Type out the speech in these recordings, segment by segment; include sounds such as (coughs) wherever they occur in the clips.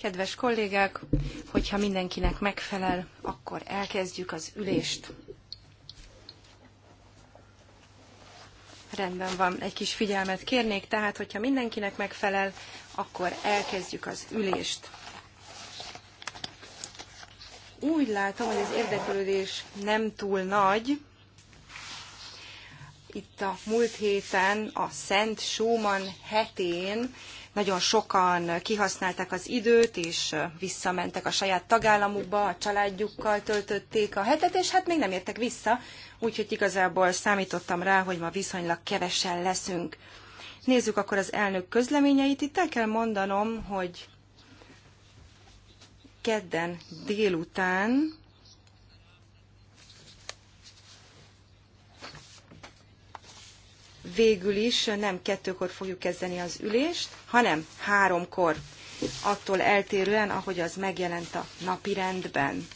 Kedves kollégák, hogyha mindenkinek megfelel, akkor elkezdjük az ülést. Rendben van, egy kis figyelmet kérnék, tehát hogyha mindenkinek megfelel, akkor elkezdjük az ülést. Úgy látom, hogy az érdeklődés nem túl nagy, itt a múlt héten, a Szent Schumann hetén nagyon sokan kihasználták az időt, és visszamentek a saját tagállamukba, a családjukkal töltötték a hetet, és hát még nem értek vissza, úgyhogy igazából számítottam rá, hogy ma viszonylag kevesen leszünk. Nézzük akkor az elnök közleményeit. Itt el kell mondanom, hogy kedden délután végül is nem kettőkor fogjuk kezdeni az ülést, hanem háromkor, attól eltérően, ahogy az megjelent a napi rendben.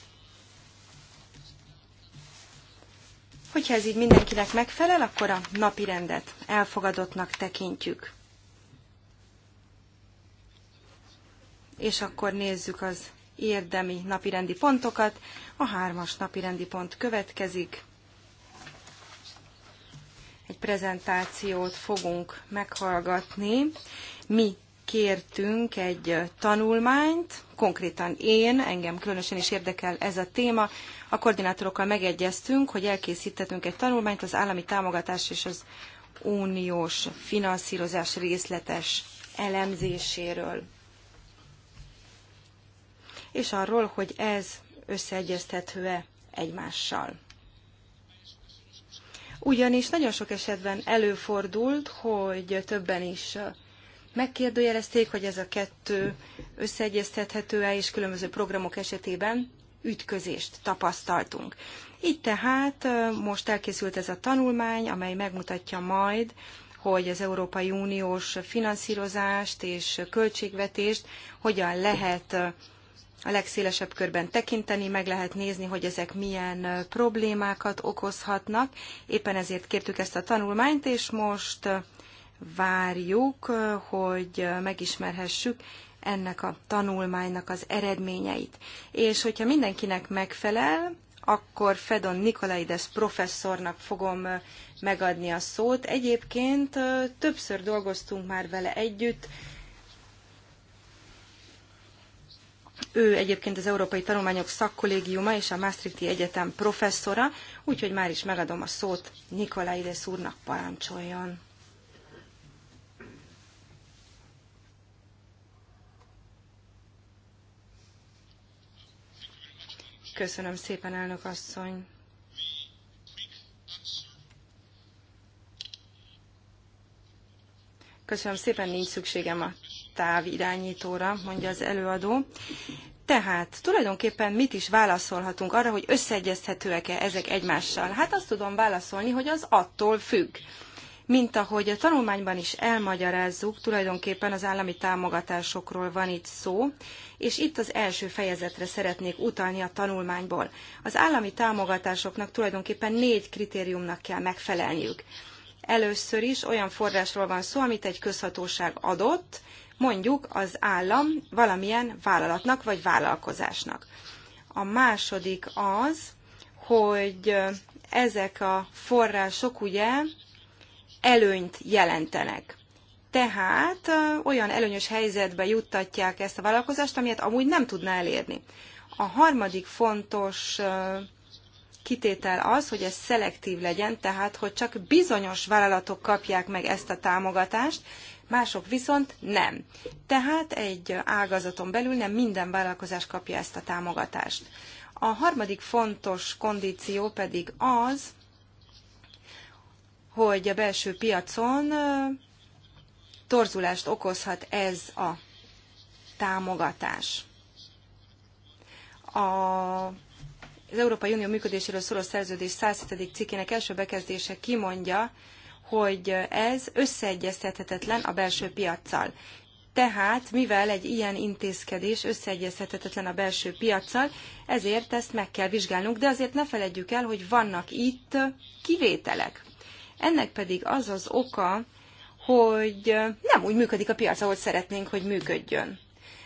Hogyha ez így mindenkinek megfelel, akkor a napi rendet elfogadottnak tekintjük. És akkor nézzük az érdemi napirendi pontokat. A hármas napirendi pont következik egy prezentációt fogunk meghallgatni. Mi kértünk egy tanulmányt, konkrétan én, engem különösen is érdekel ez a téma. A koordinátorokkal megegyeztünk, hogy elkészítettünk egy tanulmányt az állami támogatás és az uniós finanszírozás részletes elemzéséről. És arról, hogy ez összeegyeztethető-e egymással ugyanis nagyon sok esetben előfordult, hogy többen is megkérdőjelezték, hogy ez a kettő összeegyeztethető-e, és különböző programok esetében ütközést tapasztaltunk. Így tehát most elkészült ez a tanulmány, amely megmutatja majd, hogy az Európai Uniós finanszírozást és költségvetést hogyan lehet a legszélesebb körben tekinteni, meg lehet nézni, hogy ezek milyen problémákat okozhatnak. Éppen ezért kértük ezt a tanulmányt, és most várjuk, hogy megismerhessük ennek a tanulmánynak az eredményeit. És hogyha mindenkinek megfelel, akkor Fedon Nikolaides professzornak fogom megadni a szót. Egyébként többször dolgoztunk már vele együtt, Ő egyébként az Európai Tanulmányok Szakkollégiuma és a Maastrichti Egyetem professzora, úgyhogy már is megadom a szót Nikolaides úrnak parancsoljon. Köszönöm szépen, elnök asszony. Köszönöm szépen, nincs szükségem a távirányítóra, mondja az előadó. Tehát tulajdonképpen mit is válaszolhatunk arra, hogy összeegyezhetőek-e ezek egymással? Hát azt tudom válaszolni, hogy az attól függ. Mint ahogy a tanulmányban is elmagyarázzuk, tulajdonképpen az állami támogatásokról van itt szó, és itt az első fejezetre szeretnék utalni a tanulmányból. Az állami támogatásoknak tulajdonképpen négy kritériumnak kell megfelelniük. Először is olyan forrásról van szó, amit egy közhatóság adott, mondjuk az állam valamilyen vállalatnak vagy vállalkozásnak. A második az, hogy ezek a források ugye előnyt jelentenek. Tehát olyan előnyös helyzetbe juttatják ezt a vállalkozást, amilyet amúgy nem tudná elérni. A harmadik fontos kitétel az, hogy ez szelektív legyen, tehát hogy csak bizonyos vállalatok kapják meg ezt a támogatást, mások viszont nem. Tehát egy ágazaton belül nem minden vállalkozás kapja ezt a támogatást. A harmadik fontos kondíció pedig az, hogy a belső piacon torzulást okozhat ez a támogatás. A az Európai Unió működéséről szóló szerződés 107. cikkének első bekezdése kimondja, hogy ez összeegyeztethetetlen a belső piaccal. Tehát, mivel egy ilyen intézkedés összeegyeztethetetlen a belső piaccal, ezért ezt meg kell vizsgálnunk, de azért ne feledjük el, hogy vannak itt kivételek. Ennek pedig az az oka, hogy nem úgy működik a piac, ahogy szeretnénk, hogy működjön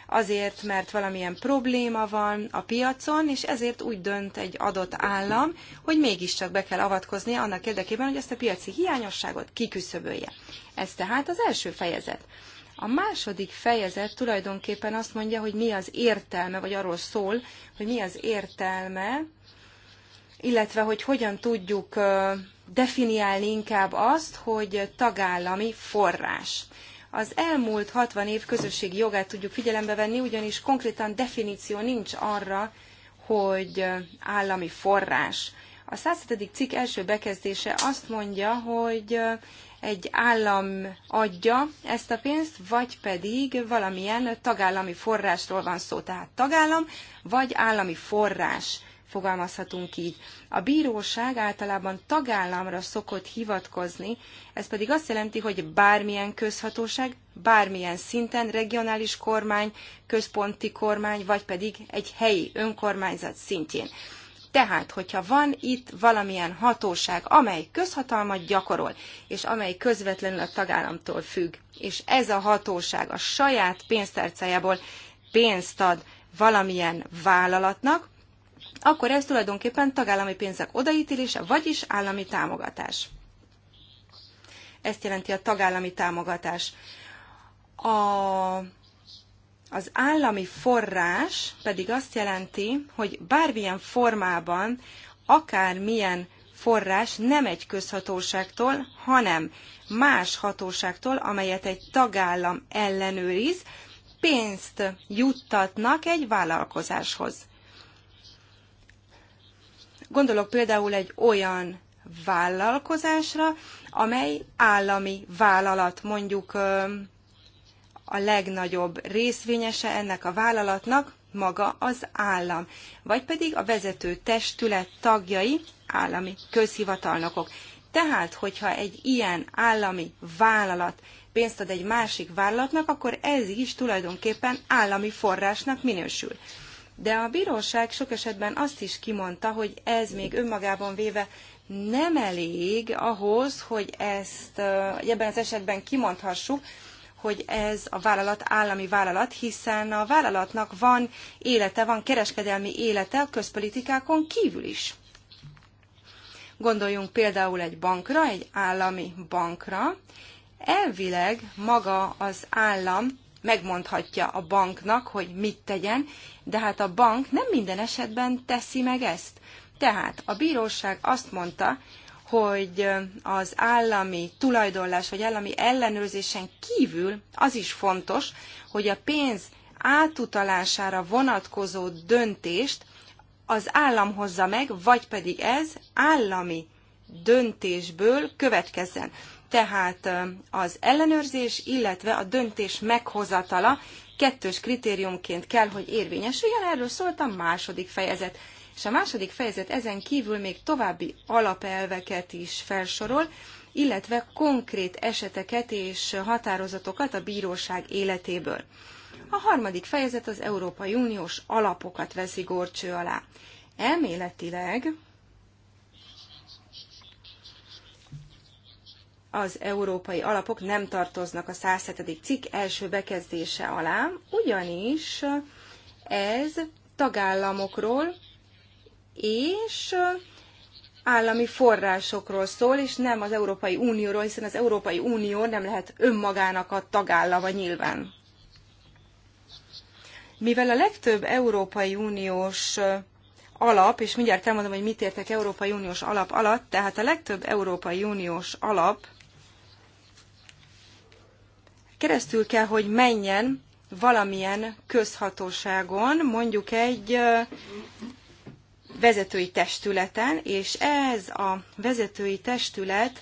azért, mert valamilyen probléma van a piacon, és ezért úgy dönt egy adott állam, hogy mégiscsak be kell avatkoznia annak érdekében, hogy ezt a piaci hiányosságot kiküszöbölje. Ez tehát az első fejezet. A második fejezet tulajdonképpen azt mondja, hogy mi az értelme, vagy arról szól, hogy mi az értelme, illetve hogy hogyan tudjuk definiálni inkább azt, hogy tagállami forrás. Az elmúlt 60 év közösségi jogát tudjuk figyelembe venni, ugyanis konkrétan definíció nincs arra, hogy állami forrás. A 107. cikk első bekezdése azt mondja, hogy egy állam adja ezt a pénzt, vagy pedig valamilyen tagállami forrásról van szó. Tehát tagállam vagy állami forrás fogalmazhatunk így. A bíróság általában tagállamra szokott hivatkozni, ez pedig azt jelenti, hogy bármilyen közhatóság, bármilyen szinten, regionális kormány, központi kormány, vagy pedig egy helyi önkormányzat szintjén. Tehát, hogyha van itt valamilyen hatóság, amely közhatalmat gyakorol, és amely közvetlenül a tagállamtól függ, és ez a hatóság a saját pénztárcájából pénzt ad valamilyen vállalatnak, akkor ez tulajdonképpen tagállami pénzek odaítélése, vagyis állami támogatás. Ezt jelenti a tagállami támogatás. A, az állami forrás pedig azt jelenti, hogy bármilyen formában, akármilyen forrás nem egy közhatóságtól, hanem más hatóságtól, amelyet egy tagállam ellenőriz, pénzt juttatnak egy vállalkozáshoz. Gondolok például egy olyan vállalkozásra, amely állami vállalat, mondjuk a legnagyobb részvényese ennek a vállalatnak maga az állam, vagy pedig a vezető testület tagjai állami közhivatalnokok. Tehát, hogyha egy ilyen állami vállalat pénzt ad egy másik vállalatnak, akkor ez is tulajdonképpen állami forrásnak minősül de a bíróság sok esetben azt is kimondta, hogy ez még önmagában véve nem elég ahhoz, hogy ezt ebben az esetben kimondhassuk, hogy ez a vállalat állami vállalat, hiszen a vállalatnak van élete, van kereskedelmi élete a közpolitikákon kívül is. Gondoljunk például egy bankra, egy állami bankra. Elvileg maga az állam megmondhatja a banknak, hogy mit tegyen, de hát a bank nem minden esetben teszi meg ezt. Tehát a bíróság azt mondta, hogy az állami tulajdonlás vagy állami ellenőrzésen kívül az is fontos, hogy a pénz átutalására vonatkozó döntést az állam hozza meg, vagy pedig ez állami döntésből következzen. Tehát az ellenőrzés, illetve a döntés meghozatala kettős kritériumként kell, hogy érvényesüljön. Erről szólt a második fejezet. És a második fejezet ezen kívül még további alapelveket is felsorol, illetve konkrét eseteket és határozatokat a bíróság életéből. A harmadik fejezet az Európai Uniós alapokat veszi górcső alá. Elméletileg az európai alapok nem tartoznak a 107. cikk első bekezdése alá, ugyanis ez tagállamokról és állami forrásokról szól, és nem az Európai Unióról, hiszen az Európai Unió nem lehet önmagának a tagállama nyilván. Mivel a legtöbb Európai Uniós alap, és mindjárt elmondom, hogy mit értek Európai Uniós alap alatt, tehát a legtöbb Európai Uniós alap keresztül kell, hogy menjen valamilyen közhatóságon, mondjuk egy vezetői testületen, és ez a vezetői testület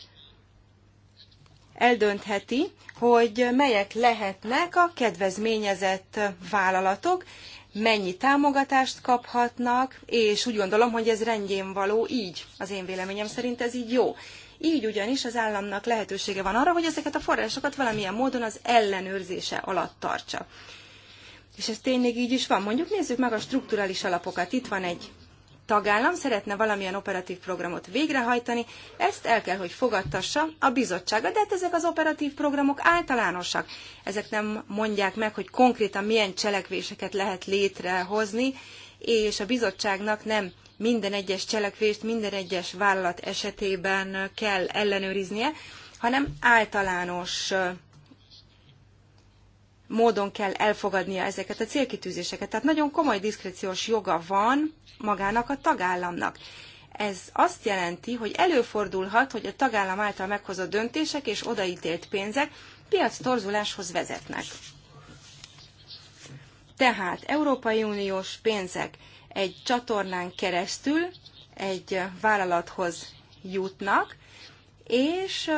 eldöntheti, hogy melyek lehetnek a kedvezményezett vállalatok, mennyi támogatást kaphatnak, és úgy gondolom, hogy ez rendjén való így. Az én véleményem szerint ez így jó. Így ugyanis az államnak lehetősége van arra, hogy ezeket a forrásokat valamilyen módon az ellenőrzése alatt tartsa. És ez tényleg így is van. Mondjuk nézzük meg a strukturális alapokat. Itt van egy tagállam szeretne valamilyen operatív programot végrehajtani, ezt el kell, hogy fogadtassa a bizottsága, de hát ezek az operatív programok általánosak. Ezek nem mondják meg, hogy konkrétan milyen cselekvéseket lehet létrehozni, és a bizottságnak nem minden egyes cselekvést minden egyes vállalat esetében kell ellenőriznie, hanem általános módon kell elfogadnia ezeket a célkitűzéseket. Tehát nagyon komoly diszkreciós joga van magának a tagállamnak. Ez azt jelenti, hogy előfordulhat, hogy a tagállam által meghozott döntések és odaítélt pénzek piac torzuláshoz vezetnek. Tehát Európai Uniós pénzek egy csatornán keresztül egy vállalathoz jutnak, és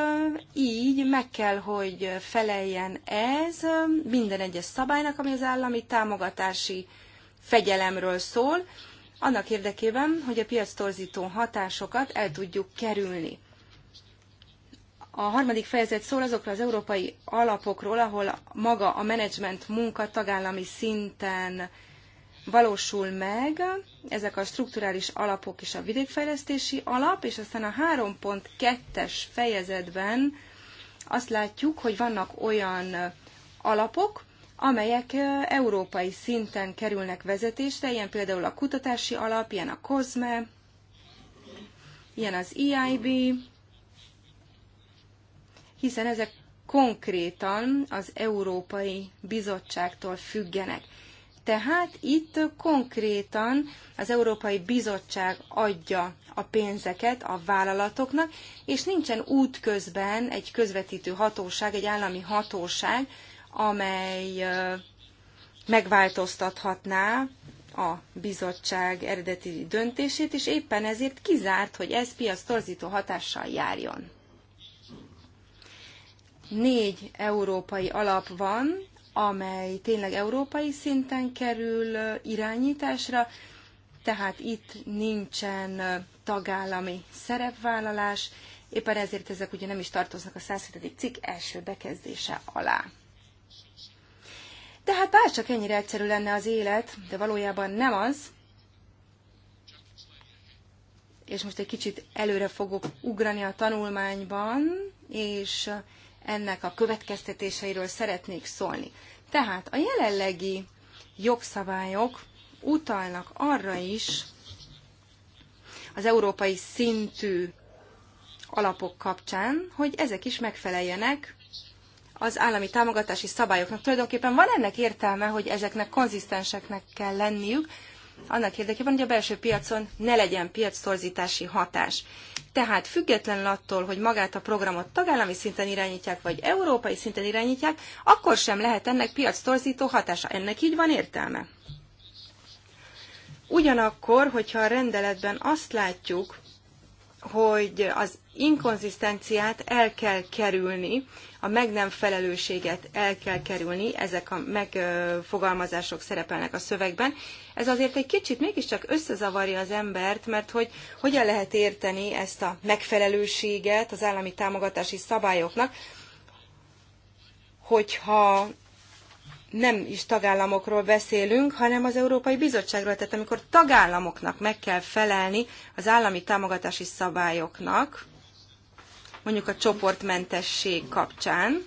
így meg kell, hogy feleljen ez minden egyes szabálynak, ami az állami támogatási fegyelemről szól, annak érdekében, hogy a piac torzító hatásokat el tudjuk kerülni. A harmadik fejezet szól azokról az európai alapokról, ahol maga a menedzsment munka tagállami szinten valósul meg, ezek a strukturális alapok és a vidékfejlesztési alap, és aztán a 3.2-es fejezetben azt látjuk, hogy vannak olyan alapok, amelyek európai szinten kerülnek vezetésre, ilyen például a kutatási alap, ilyen a COSME, ilyen az EIB, hiszen ezek konkrétan az Európai Bizottságtól függenek. Tehát itt konkrétan az Európai Bizottság adja a pénzeket a vállalatoknak, és nincsen útközben egy közvetítő hatóság, egy állami hatóság, amely megváltoztathatná a bizottság eredeti döntését, és éppen ezért kizárt, hogy ez piac torzító hatással járjon. Négy európai alap van, amely tényleg európai szinten kerül irányításra, tehát itt nincsen tagállami szerepvállalás, éppen ezért ezek ugye nem is tartoznak a 107. cikk első bekezdése alá. De hát bárcsak ennyire egyszerű lenne az élet, de valójában nem az, és most egy kicsit előre fogok ugrani a tanulmányban, és ennek a következtetéseiről szeretnék szólni. Tehát a jelenlegi jogszabályok utalnak arra is, az európai szintű alapok kapcsán, hogy ezek is megfeleljenek az állami támogatási szabályoknak. Tulajdonképpen van ennek értelme, hogy ezeknek konzisztenseknek kell lenniük, annak érdekében, hogy a belső piacon ne legyen piactorzítási hatás. Tehát függetlenül attól, hogy magát a programot tagállami szinten irányítják, vagy európai szinten irányítják, akkor sem lehet ennek piactorzító hatása. Ennek így van értelme. Ugyanakkor, hogyha a rendeletben azt látjuk, hogy az inkonzisztenciát el kell kerülni, a meg nem felelőséget el kell kerülni, ezek a megfogalmazások szerepelnek a szövegben. Ez azért egy kicsit mégiscsak összezavarja az embert, mert hogy hogyan lehet érteni ezt a megfelelőséget az állami támogatási szabályoknak, hogyha nem is tagállamokról beszélünk, hanem az Európai Bizottságról. Tehát amikor tagállamoknak meg kell felelni az állami támogatási szabályoknak, mondjuk a csoportmentesség kapcsán,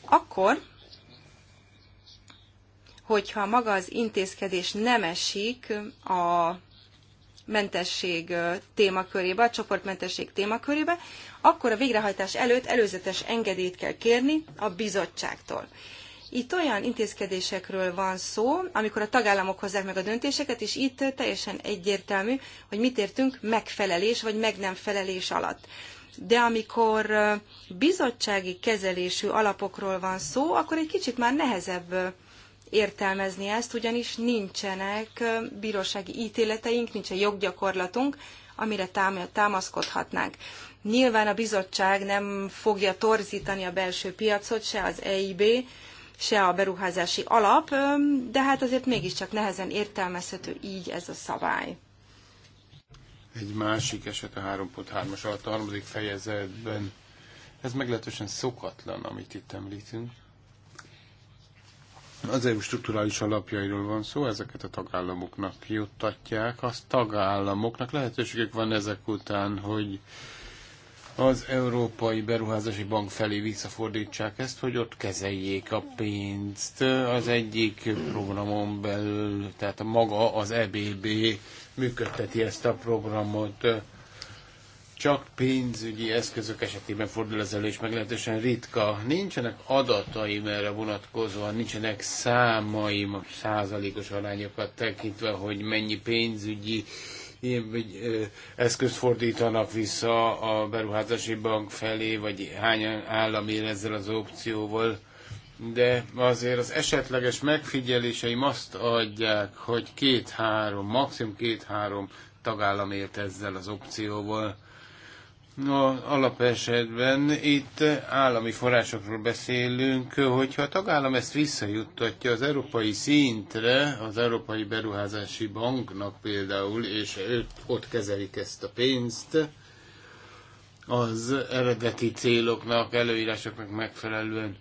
akkor, hogyha maga az intézkedés nem esik a mentesség témakörébe, a csoportmentesség témakörébe, akkor a végrehajtás előtt előzetes engedélyt kell kérni a bizottságtól. Itt olyan intézkedésekről van szó, amikor a tagállamok hozzák meg a döntéseket, és itt teljesen egyértelmű, hogy mit értünk megfelelés vagy meg nem felelés alatt de amikor bizottsági kezelésű alapokról van szó, akkor egy kicsit már nehezebb értelmezni ezt, ugyanis nincsenek bírósági ítéleteink, nincsen joggyakorlatunk, amire támaszkodhatnánk. Nyilván a bizottság nem fogja torzítani a belső piacot, se az EIB, se a beruházási alap, de hát azért mégiscsak nehezen értelmezhető így ez a szabály. Egy másik eset a 3.3-as alatt a harmadik fejezetben. Ez meglehetősen szokatlan, amit itt említünk. Az EU strukturális alapjairól van szó, ezeket a tagállamoknak juttatják. Az tagállamoknak lehetőségek van ezek után, hogy az Európai Beruházási Bank felé visszafordítsák ezt, hogy ott kezeljék a pénzt az egyik programon belül, tehát maga az EBB működteti ezt a programot. Csak pénzügyi eszközök esetében fordul ez elő, és meglehetősen ritka. Nincsenek adataim erre vonatkozóan, nincsenek számaim, százalékos arányokat tekintve, hogy mennyi pénzügyi vagy eszközt fordítanak vissza a beruházási bank felé, vagy hány állam él ezzel az opcióval. De azért az esetleges megfigyeléseim azt adják, hogy két-három, maximum két-három tagállam élt ezzel az opcióval. No alapesetben itt állami forrásokról beszélünk, hogyha a tagállam ezt visszajuttatja az európai szintre, az Európai Beruházási Banknak például, és ők ott kezelik ezt a pénzt, az eredeti céloknak, előírásoknak megfelelően,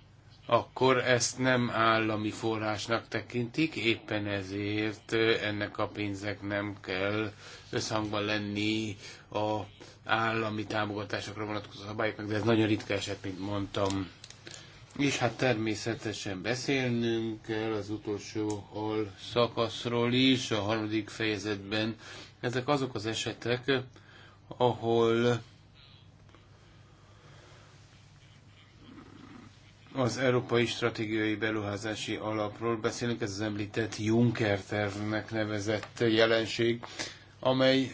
akkor ezt nem állami forrásnak tekintik, éppen ezért ennek a pénznek nem kell összhangban lenni a állami támogatásokra vonatkozó szabályoknak, de ez nagyon ritka eset, mint mondtam. És hát természetesen beszélnünk kell az utolsó hal szakaszról is, a harmadik fejezetben. Ezek azok az esetek, ahol az Európai Stratégiai Beruházási Alapról beszélünk, ez az említett Juncker tervnek nevezett jelenség, amely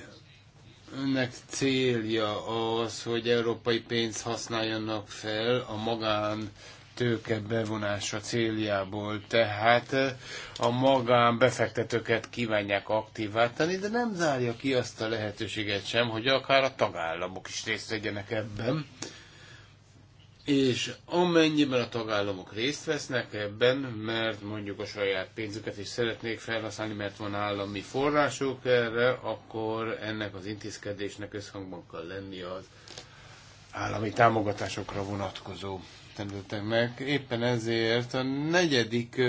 ennek célja az, hogy európai pénzt használjanak fel a magán tőke bevonása céljából, tehát a magán befektetőket kívánják aktiváltani, de nem zárja ki azt a lehetőséget sem, hogy akár a tagállamok is részt vegyenek ebben és amennyiben a tagállamok részt vesznek ebben, mert mondjuk a saját pénzüket is szeretnék felhasználni, mert van állami forrásuk erre, akkor ennek az intézkedésnek összhangban kell lenni az állami támogatásokra vonatkozó területeknek. Éppen ezért a negyedik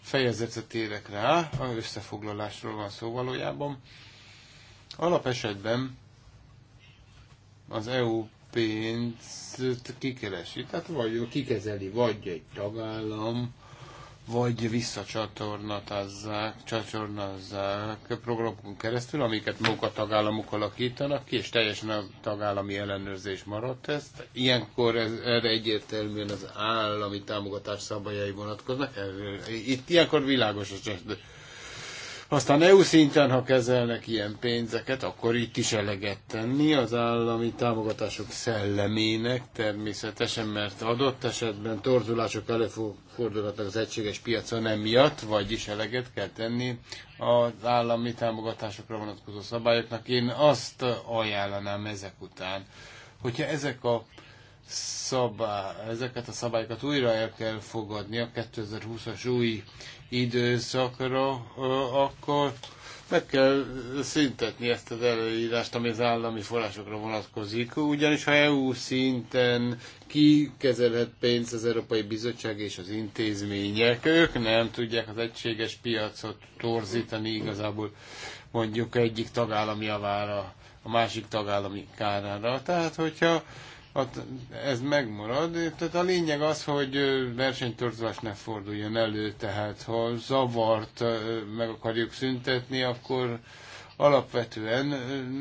fejezetet érek rá, a összefoglalásról van szó valójában. Alapesetben az EU pénzt kikeresi. Tehát vagy kikezeli, vagy egy tagállam, vagy visszacsatornatázzák, csatornazzák programokon keresztül, amiket maguk a tagállamok alakítanak ki, és teljesen a tagállami ellenőrzés maradt ezt. Ilyenkor ez, erre egyértelműen az állami támogatás szabályai vonatkoznak. Itt ilyenkor világos a aztán EU szinten, ha kezelnek ilyen pénzeket, akkor itt is eleget tenni az állami támogatások szellemének természetesen, mert adott esetben torzulások előfordulhatnak az egységes piacon emiatt, vagyis eleget kell tenni az állami támogatásokra vonatkozó szabályoknak. Én azt ajánlanám ezek után, hogyha ezek a szabá, ezeket a szabályokat újra el kell fogadni a 2020-as új időszakra, akkor meg kell szüntetni ezt az előírást, ami az állami forrásokra vonatkozik, ugyanis ha EU szinten kikezelhet pénzt az Európai Bizottság és az intézmények, ők nem tudják az egységes piacot torzítani igazából mondjuk egyik tagállami javára, a másik tagállami kárára. Tehát, hogyha ez megmarad. Tehát a lényeg az, hogy versenytorzulás ne forduljon elő, tehát ha zavart meg akarjuk szüntetni, akkor alapvetően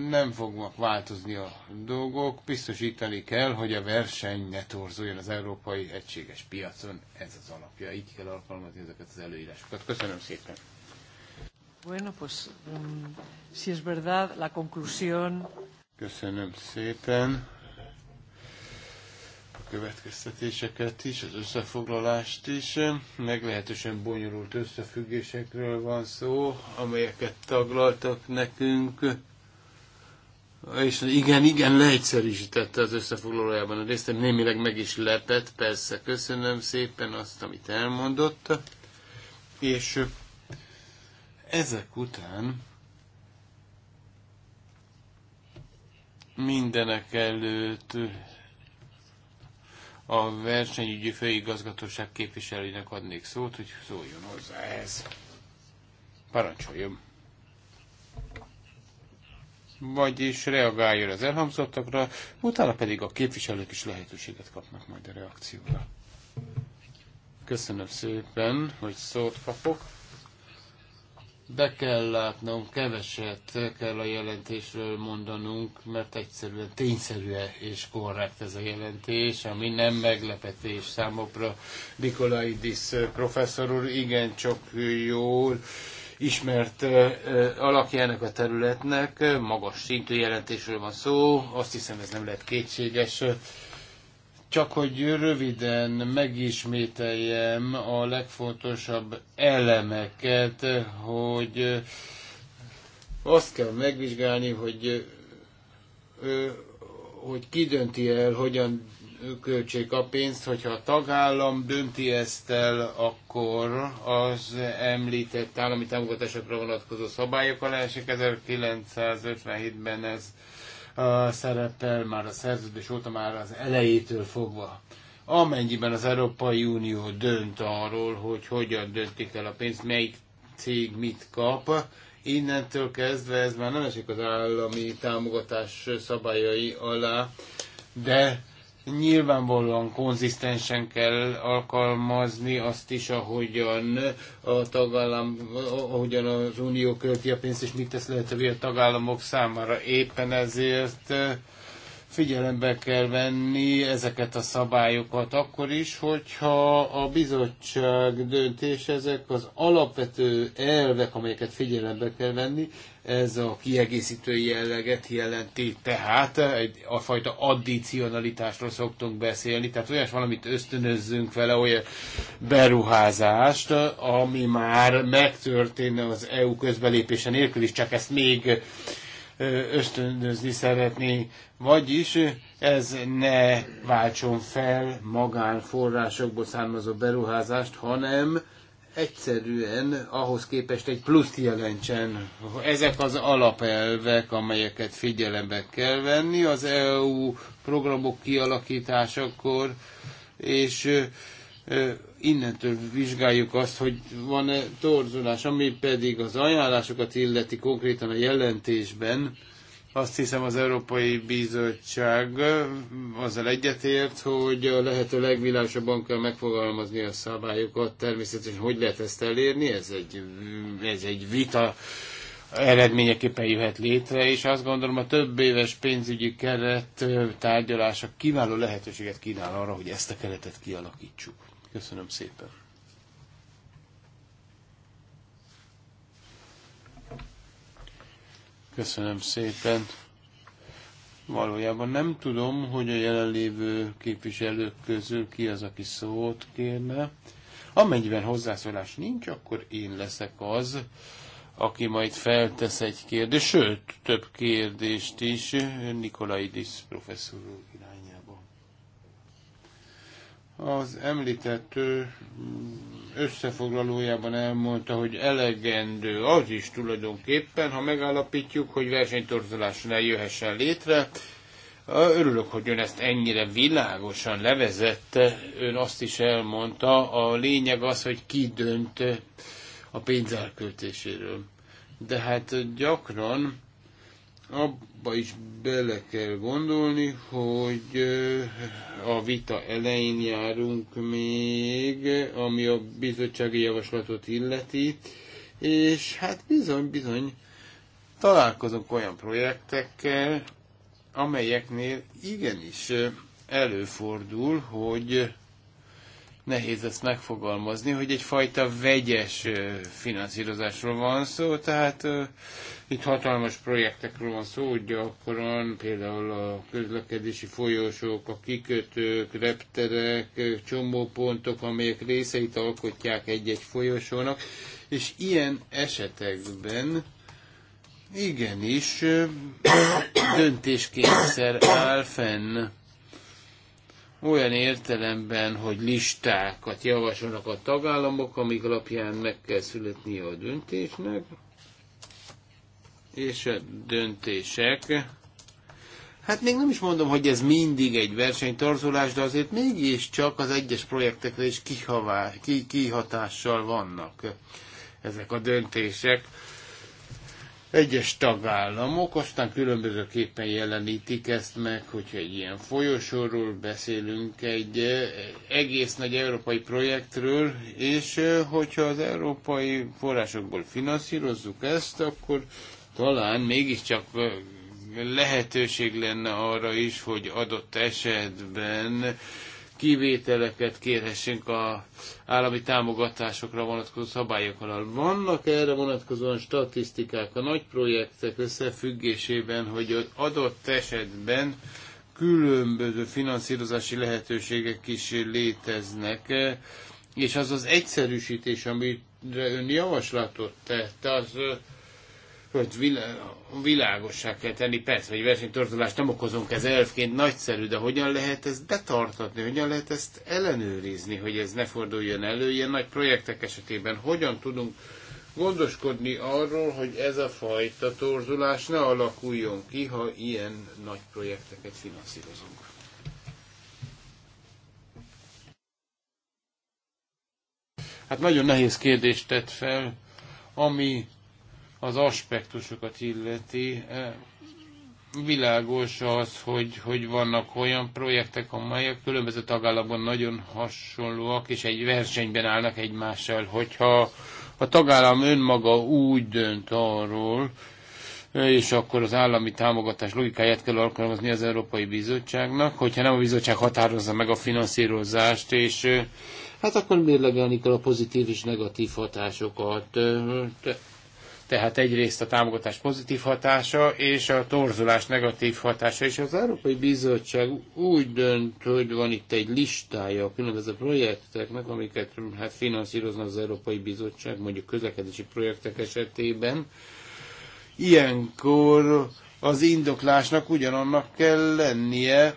nem fognak változni a dolgok. Biztosítani kell, hogy a verseny ne torzuljon az európai egységes piacon. Ez az alapja. Így kell alkalmazni ezeket az előírásokat. Köszönöm szépen. Bueno, pues um, si es verdad, la conclusión. Köszönöm szépen következtetéseket is, az összefoglalást is. Meglehetősen bonyolult összefüggésekről van szó, amelyeket taglaltak nekünk. És igen, igen, leegyszerűsítette az összefoglalójában a részt, némileg meg is lepett, persze, köszönöm szépen azt, amit elmondott. És ezek után mindenek előtt a versenyügyi főigazgatóság képviselőinek adnék szót, hogy szóljon hozzá ez. Parancsoljon. Vagyis reagáljon az elhangzottakra, utána pedig a képviselők is lehetőséget kapnak majd a reakcióra. Köszönöm szépen, hogy szót kapok. Be kell látnom, keveset kell a jelentésről mondanunk, mert egyszerűen tényszerűen és korrekt ez a jelentés, ami nem meglepetés számokra. Nikolaidis professzor úr igencsak jól ismert alakjának a területnek, magas szintű jelentésről van szó, azt hiszem ez nem lehet kétséges. Csak hogy röviden megismételjem a legfontosabb elemeket, hogy azt kell megvizsgálni, hogy, hogy ki dönti el, hogyan költsék a pénzt, hogyha a tagállam dönti ezt el, akkor az említett állami támogatásokra vonatkozó szabályok alá esik 1957-ben ez szerepel már a szerződés óta, már az elejétől fogva. Amennyiben az Európai Unió dönt arról, hogy hogyan döntik el a pénzt, melyik cég mit kap, innentől kezdve ez már nem esik az állami támogatás szabályai alá, de nyilvánvalóan konzisztensen kell alkalmazni azt is, ahogyan a tagállam, ahogyan az Unió költi a pénzt, és mit tesz lehetővé a tagállamok számára. Éppen ezért figyelembe kell venni ezeket a szabályokat akkor is, hogyha a bizottság döntés, ezek az alapvető elvek, amelyeket figyelembe kell venni, ez a kiegészítő jelleget jelenti. Tehát egy, a fajta addicionalitásról szoktunk beszélni, tehát olyas valamit ösztönözzünk vele, olyan beruházást, ami már megtörténne az EU közbelépése nélkül is, csak ezt még ösztönözni szeretné, vagyis ez ne váltson fel magánforrásokból származó beruházást, hanem egyszerűen ahhoz képest egy pluszt jelentsen. Ezek az alapelvek, amelyeket figyelembe kell venni az EU programok kialakításakor, és innentől vizsgáljuk azt, hogy van-e torzulás, ami pedig az ajánlásokat illeti konkrétan a jelentésben. Azt hiszem az Európai Bizottság azzal egyetért, hogy a lehető legvilágosabban kell megfogalmazni a szabályokat. Természetesen hogy lehet ezt elérni? Ez egy, ez egy vita eredményeképpen jöhet létre, és azt gondolom a több éves pénzügyi keret tárgyalása kiváló lehetőséget kínál arra, hogy ezt a keretet kialakítsuk. Köszönöm szépen. Köszönöm szépen. Valójában nem tudom, hogy a jelenlévő képviselők közül ki az, aki szót kérne. Amennyiben hozzászólás nincs, akkor én leszek az, aki majd feltesz egy kérdést, sőt, több kérdést is Nikolai Disz professzor úr. Az említettő összefoglalójában elmondta, hogy elegendő az is tulajdonképpen, ha megállapítjuk, hogy versenytorzulás ne jöhessen létre. Örülök, hogy ön ezt ennyire világosan levezette. Ön azt is elmondta, a lényeg az, hogy ki dönt a pénz elköltéséről. De hát gyakran abba is bele kell gondolni, hogy a vita elején járunk még, ami a bizottsági javaslatot illeti, és hát bizony-bizony találkozunk olyan projektekkel, amelyeknél igenis előfordul, hogy nehéz ezt megfogalmazni, hogy egyfajta vegyes finanszírozásról van szó, tehát itt hatalmas projektekről van szó, hogy gyakran például a közlekedési folyosók, a kikötők, repterek, csomópontok, amelyek részeit alkotják egy-egy folyosónak, és ilyen esetekben igenis (coughs) döntéskényszer áll fenn olyan értelemben, hogy listákat javasolnak a tagállamok, amik alapján meg kell születni a döntésnek, és a döntések. Hát még nem is mondom, hogy ez mindig egy versenytorzulás, de azért mégiscsak az egyes projektekre is kihavá, ki, kihatással vannak ezek a döntések egyes tagállamok aztán különbözőképpen jelenítik ezt meg, hogyha egy ilyen folyosóról beszélünk, egy eh, egész nagy európai projektről, és eh, hogyha az európai forrásokból finanszírozzuk ezt, akkor talán mégiscsak eh, lehetőség lenne arra is, hogy adott esetben kivételeket kérhessünk a állami támogatásokra vonatkozó szabályokon. Vannak erre vonatkozóan statisztikák a nagy projektek összefüggésében, hogy az adott esetben különböző finanszírozási lehetőségek is léteznek, és az az egyszerűsítés, amire ön javaslatot tett, az hogy világossá kell tenni, persze, hogy versenytorzulást nem okozunk, ez elfként nagyszerű, de hogyan lehet ezt betartatni, hogyan lehet ezt ellenőrizni, hogy ez ne forduljon elő ilyen nagy projektek esetében, hogyan tudunk gondoskodni arról, hogy ez a fajta torzulás ne alakuljon ki, ha ilyen nagy projekteket finanszírozunk. Hát nagyon nehéz kérdést tett fel, ami az aspektusokat illeti, e, világos az, hogy, hogy vannak olyan projektek, amelyek különböző tagállamban nagyon hasonlóak, és egy versenyben állnak egymással. Hogyha a tagállam önmaga úgy dönt arról, és akkor az állami támogatás logikáját kell alkalmazni az Európai Bizottságnak, hogyha nem a bizottság határozza meg a finanszírozást, és e, hát akkor mérlegelni kell a pozitív és negatív hatásokat. E, tehát egyrészt a támogatás pozitív hatása és a torzulás negatív hatása, és az Európai Bizottság úgy dönt, hogy van itt egy listája a különböző projekteknek, amiket hát finanszírozna az Európai Bizottság, mondjuk közlekedési projektek esetében. Ilyenkor az indoklásnak ugyanannak kell lennie,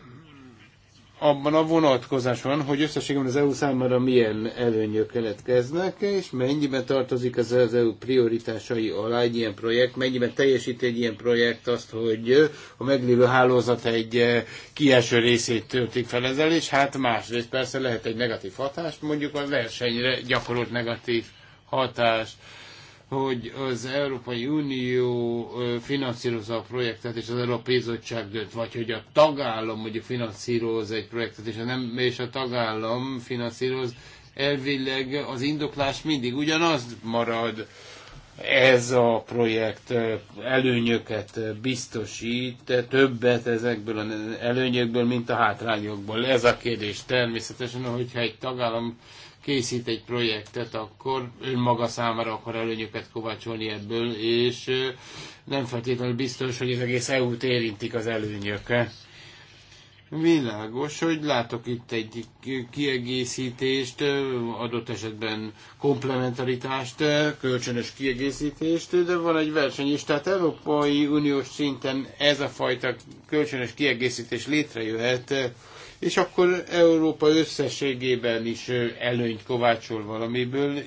abban a vonatkozásban, hogy összességében az EU számára milyen előnyök keletkeznek, és mennyiben tartozik az, az e EU prioritásai alá egy ilyen projekt, mennyiben teljesít egy ilyen projekt azt, hogy a meglévő hálózat egy kieső részét töltik fel ezzel, és hát másrészt persze lehet egy negatív hatás, mondjuk a versenyre gyakorolt negatív hatás hogy az Európai Unió finanszírozza a projektet, és az Európai Bizottság dönt, vagy hogy a tagállam mondjuk finanszíroz egy projektet, és a, nem, és a tagállam finanszíroz, elvileg az indoklás mindig ugyanaz marad. Ez a projekt előnyöket biztosít, többet ezekből az előnyökből, mint a hátrányokból. Ez a kérdés természetesen, hogyha egy tagállam készít egy projektet, akkor önmaga számára akar előnyöket kovácsolni ebből, és nem feltétlenül biztos, hogy az egész EU-t érintik az előnyöke. Világos, hogy látok itt egy kiegészítést, adott esetben komplementaritást, kölcsönös kiegészítést, de van egy verseny is, tehát Európai Uniós szinten ez a fajta kölcsönös kiegészítés létrejöhet és akkor Európa összességében is előnyt kovácsol valamiből,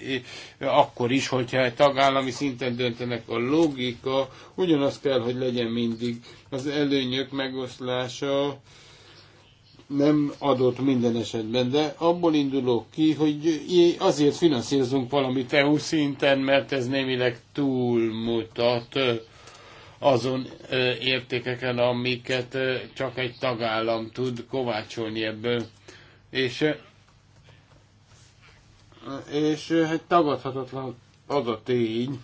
akkor is, hogyha tagállami szinten döntenek a logika, ugyanaz kell, hogy legyen mindig az előnyök megoszlása, nem adott minden esetben, de abból indulok ki, hogy azért finanszírozunk valamit EU szinten, mert ez némileg túlmutat azon értékeken, amiket csak egy tagállam tud kovácsolni ebből. És, és egy tagadhatatlan az a tény,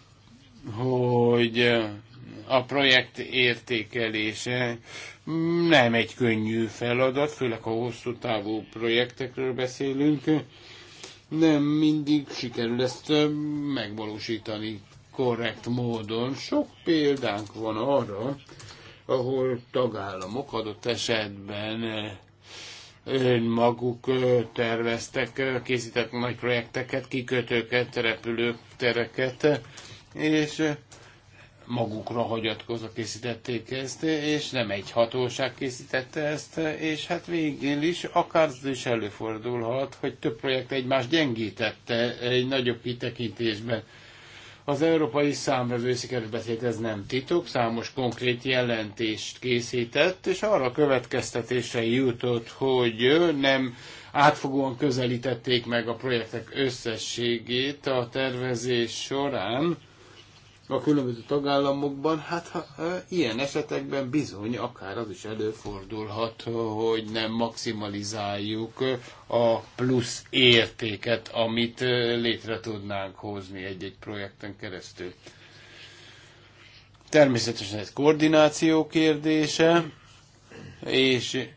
hogy a projekt értékelése nem egy könnyű feladat, főleg a hosszú távú projektekről beszélünk. Nem mindig sikerül ezt megvalósítani korrekt módon. Sok példánk van arra, ahol tagállamok adott esetben eh, önmaguk eh, terveztek, eh, készítettek nagy projekteket, kikötőket, repülőtereket, és magukra hagyatkozva készítették ezt, és nem egy hatóság készítette ezt, és hát végén is akár az is előfordulhat, hogy több projekt egymást gyengítette egy nagyobb kitekintésben. Az Európai Számvevőszik beszélt, ez nem titok, számos konkrét jelentést készített, és arra következtetése jutott, hogy nem átfogóan közelítették meg a projektek összességét a tervezés során, a különböző tagállamokban, hát ha, ilyen esetekben bizony akár az is előfordulhat, hogy nem maximalizáljuk a plusz értéket, amit létre tudnánk hozni egy-egy projekten keresztül. Természetesen ez koordináció kérdése, és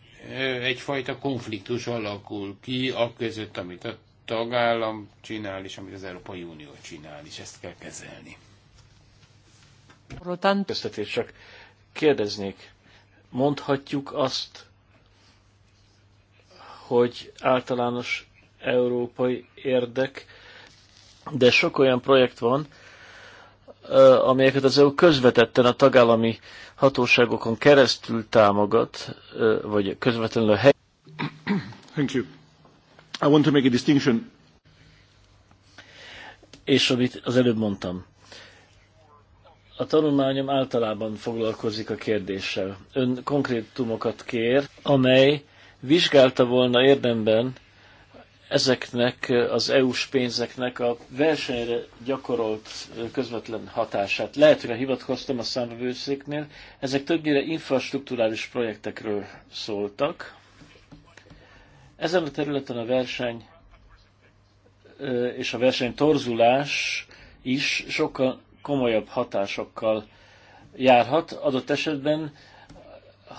egyfajta konfliktus alakul ki a között, amit a tagállam csinál, és amit az Európai Unió csinál, és ezt kell kezelni. Köszönöm, csak kérdeznék, mondhatjuk azt, hogy általános európai érdek, de sok olyan projekt van, amelyeket az EU közvetetten a tagállami hatóságokon keresztül támogat, vagy közvetlenül a hely. Thank you. I want to make a distinction. És amit az előbb mondtam. A tanulmányom általában foglalkozik a kérdéssel. Ön konkrétumokat kér, amely vizsgálta volna érdemben ezeknek az EU-s pénzeknek a versenyre gyakorolt közvetlen hatását. Lehet, hogy hivatkoztam a számvevőszéknél, ezek többnyire infrastruktúrális projektekről szóltak. Ezen a területen a verseny és a verseny torzulás is sokkal komolyabb hatásokkal járhat adott esetben,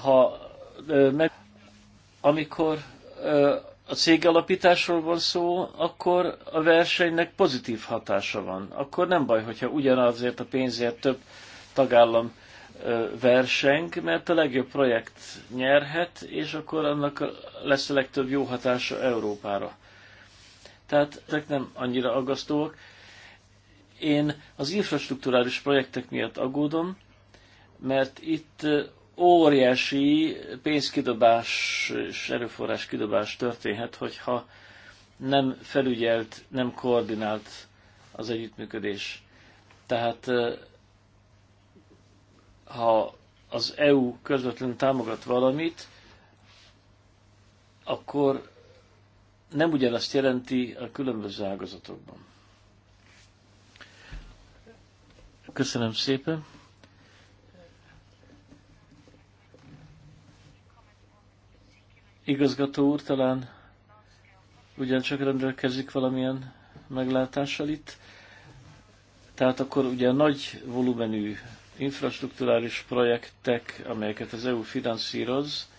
ha meg, amikor a cégalapításról van szó, akkor a versenynek pozitív hatása van. Akkor nem baj, hogyha ugyanazért a pénzért több tagállam versenk, mert a legjobb projekt nyerhet, és akkor annak lesz a legtöbb jó hatása Európára. Tehát ezek nem annyira aggasztóak. Én az infrastruktúrális projektek miatt aggódom, mert itt óriási pénzkidobás és erőforrás kidobás történhet, hogyha nem felügyelt, nem koordinált az együttműködés. Tehát ha az EU közvetlenül támogat valamit, akkor nem ugyanazt jelenti a különböző ágazatokban. Köszönöm szépen. Igazgató úr talán ugyancsak rendelkezik valamilyen meglátással itt. Tehát akkor ugye a nagy volumenű infrastruktúrális projektek, amelyeket az EU finanszíroz,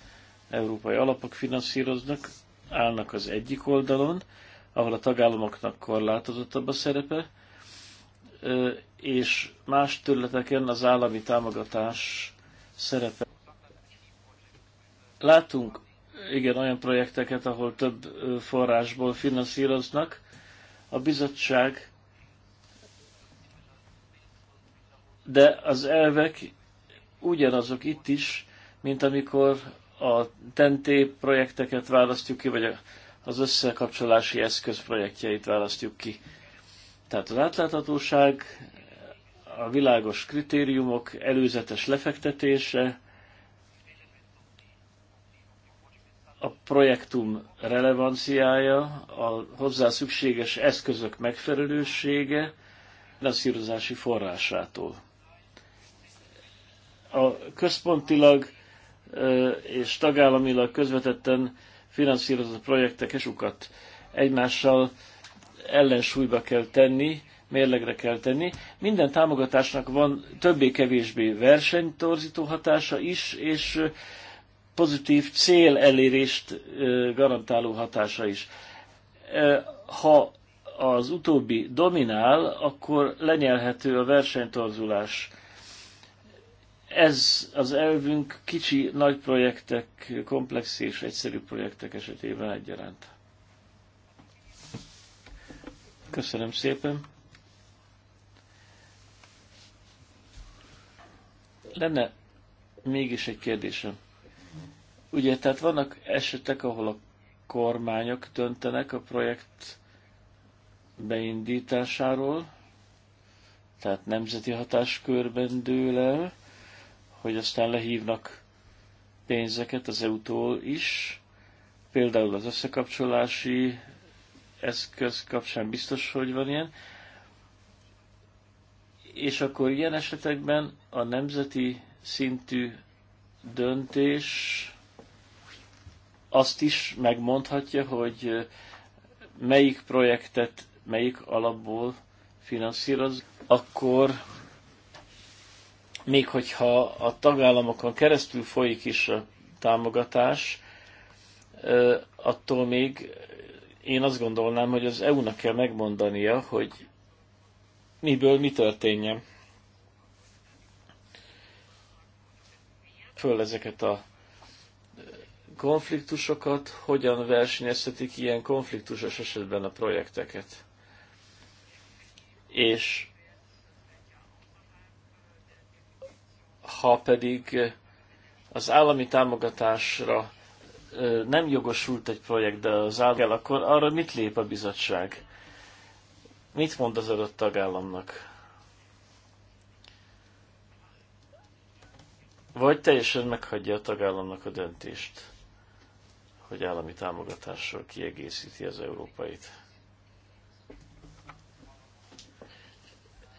európai alapok finanszíroznak, állnak az egyik oldalon, ahol a tagállamoknak korlátozottabb a szerepe, és más területeken az állami támogatás szerepe. Látunk igen olyan projekteket, ahol több forrásból finanszíroznak. A bizottság de az elvek ugyanazok itt is, mint amikor a tenté projekteket választjuk ki, vagy az összekapcsolási eszköz projektjeit választjuk ki. Tehát az átláthatóság a világos kritériumok előzetes lefektetése, a projektum relevanciája, a hozzá szükséges eszközök megfelelősége, finanszírozási forrásától. A központilag és tagállamilag közvetetten finanszírozott projektek esukat egymással ellensúlyba kell tenni, mérlegre kell tenni. Minden támogatásnak van többé-kevésbé versenytorzító hatása is, és pozitív cél elérést garantáló hatása is. Ha az utóbbi dominál, akkor lenyelhető a versenytorzulás. Ez az elvünk kicsi, nagy projektek, komplex és egyszerű projektek esetében egyaránt. Köszönöm szépen. lenne mégis egy kérdésem. Ugye, tehát vannak esetek, ahol a kormányok döntenek a projekt beindításáról, tehát nemzeti hatáskörben dől el, hogy aztán lehívnak pénzeket az EU-tól is, például az összekapcsolási eszköz kapcsán biztos, hogy van ilyen, és akkor ilyen esetekben a nemzeti szintű döntés azt is megmondhatja, hogy melyik projektet melyik alapból finanszíroz, akkor még hogyha a tagállamokon keresztül folyik is a támogatás, attól még én azt gondolnám, hogy az EU-nak kell megmondania, hogy miből mi történjen. Föl ezeket a konfliktusokat, hogyan versenyeztetik ilyen konfliktusos esetben a projekteket. És ha pedig az állami támogatásra nem jogosult egy projekt, de az áll, akkor arra mit lép a bizottság? Mit mond az adott tagállamnak? Vagy teljesen meghagyja a tagállamnak a döntést, hogy állami támogatással kiegészíti az európait.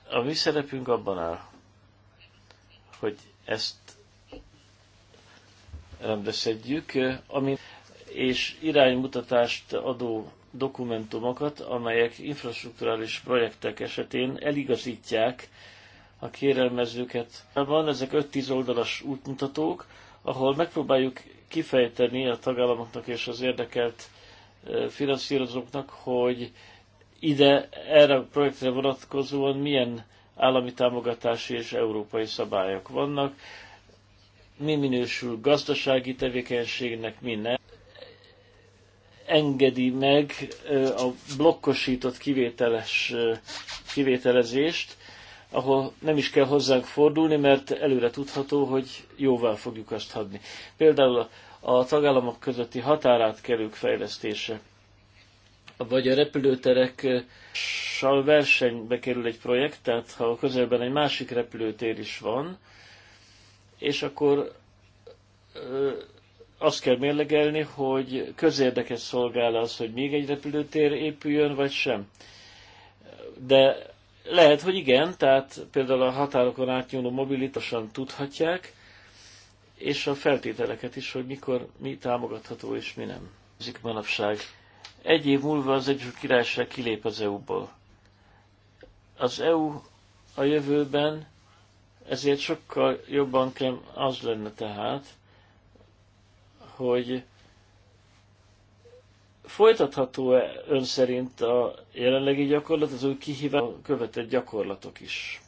A mi szerepünk abban áll, hogy ezt rendbeszedjük, ami, és iránymutatást adó dokumentumokat, amelyek infrastruktúrális projektek esetén eligazítják a kérelmezőket. Van ezek 5-10 oldalas útmutatók, ahol megpróbáljuk kifejteni a tagállamoknak és az érdekelt finanszírozóknak, hogy ide erre a projektre vonatkozóan milyen állami támogatási és európai szabályok vannak, mi minősül gazdasági tevékenységnek, mi nem engedi meg a blokkosított kivételes kivételezést, ahol nem is kell hozzánk fordulni, mert előre tudható, hogy jóval fogjuk azt hadni. Például a tagállamok közötti határátkelők fejlesztése, vagy a repülőterekkal versenybe kerül egy projekt, tehát ha a közelben egy másik repülőtér is van, és akkor azt kell mérlegelni, hogy közérdekes szolgál az, hogy még egy repülőtér épüljön, vagy sem. De lehet, hogy igen, tehát például a határokon átnyúló mobilitosan tudhatják, és a feltételeket is, hogy mikor mi támogatható és mi nem. Ezik manapság. Egy év múlva az Egyesült Királyság kilép az EU-ból. Az EU a jövőben ezért sokkal jobban kell az lenne tehát, hogy folytatható-e ön szerint a jelenlegi gyakorlat, az új kihívás, a követett gyakorlatok is?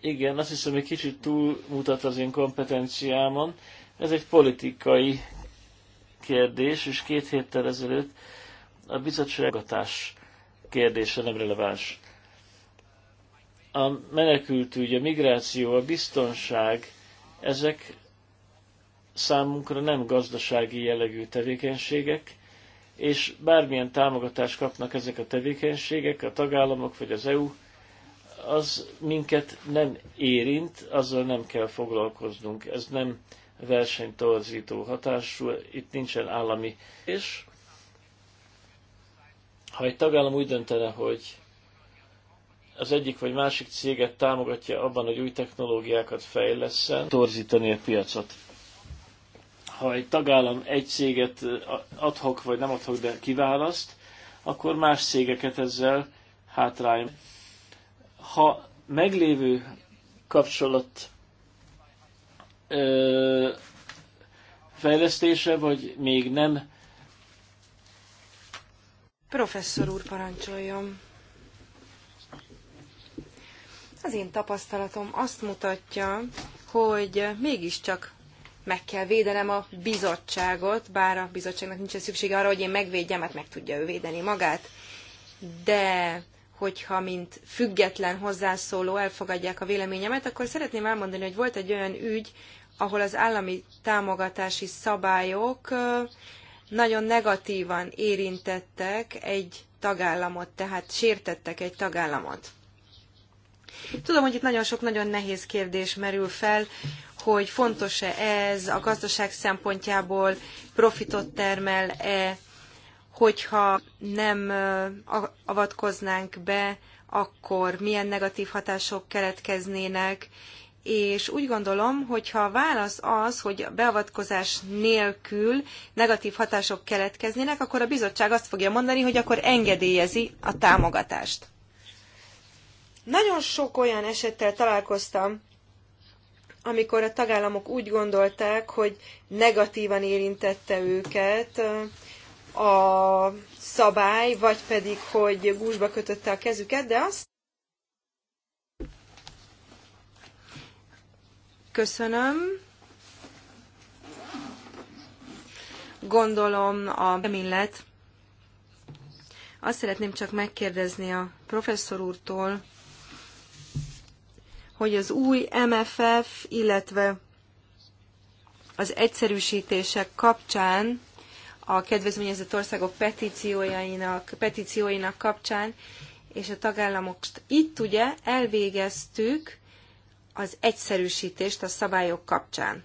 Igen, azt hiszem, egy kicsit túlmutat az én kompetenciámon. Ez egy politikai kérdés, és két héttel ezelőtt a bizottságatás kérdése nem releváns a menekültügy, a migráció, a biztonság, ezek számunkra nem gazdasági jellegű tevékenységek, és bármilyen támogatást kapnak ezek a tevékenységek, a tagállamok vagy az EU, az minket nem érint, azzal nem kell foglalkoznunk. Ez nem versenytorzító hatású, itt nincsen állami. És ha egy tagállam úgy döntene, hogy az egyik vagy másik céget támogatja abban, hogy új technológiákat fejleszen, torzítani a piacot. Ha egy tagállam egy céget eh, adhok vagy nem adhok, de kiválaszt, akkor más cégeket ezzel hátrány. Ha meglévő kapcsolat ö, eh, fejlesztése, vagy még nem. Professzor úr, parancsoljon! Az én tapasztalatom azt mutatja, hogy mégiscsak meg kell védenem a bizottságot, bár a bizottságnak nincsen szüksége arra, hogy én megvédjem, mert hát meg tudja ő védeni magát. De hogyha mint független hozzászóló elfogadják a véleményemet, akkor szeretném elmondani, hogy volt egy olyan ügy, ahol az állami támogatási szabályok nagyon negatívan érintettek egy tagállamot, tehát sértettek egy tagállamot. Tudom, hogy itt nagyon sok nagyon nehéz kérdés merül fel, hogy fontos-e ez a gazdaság szempontjából, profitot termel-e, hogyha nem avatkoznánk be, akkor milyen negatív hatások keletkeznének, és úgy gondolom, hogy ha a válasz az, hogy a beavatkozás nélkül negatív hatások keletkeznének, akkor a bizottság azt fogja mondani, hogy akkor engedélyezi a támogatást. Nagyon sok olyan esettel találkoztam, amikor a tagállamok úgy gondolták, hogy negatívan érintette őket a szabály, vagy pedig, hogy gúzsba kötötte a kezüket, de azt Köszönöm. Gondolom a kemény Azt szeretném csak megkérdezni a professzor úrtól, hogy az új MFF, illetve az egyszerűsítések kapcsán, a kedvezményezett országok petíciójainak, petícióinak kapcsán, és a tagállamok itt ugye elvégeztük az egyszerűsítést a szabályok kapcsán.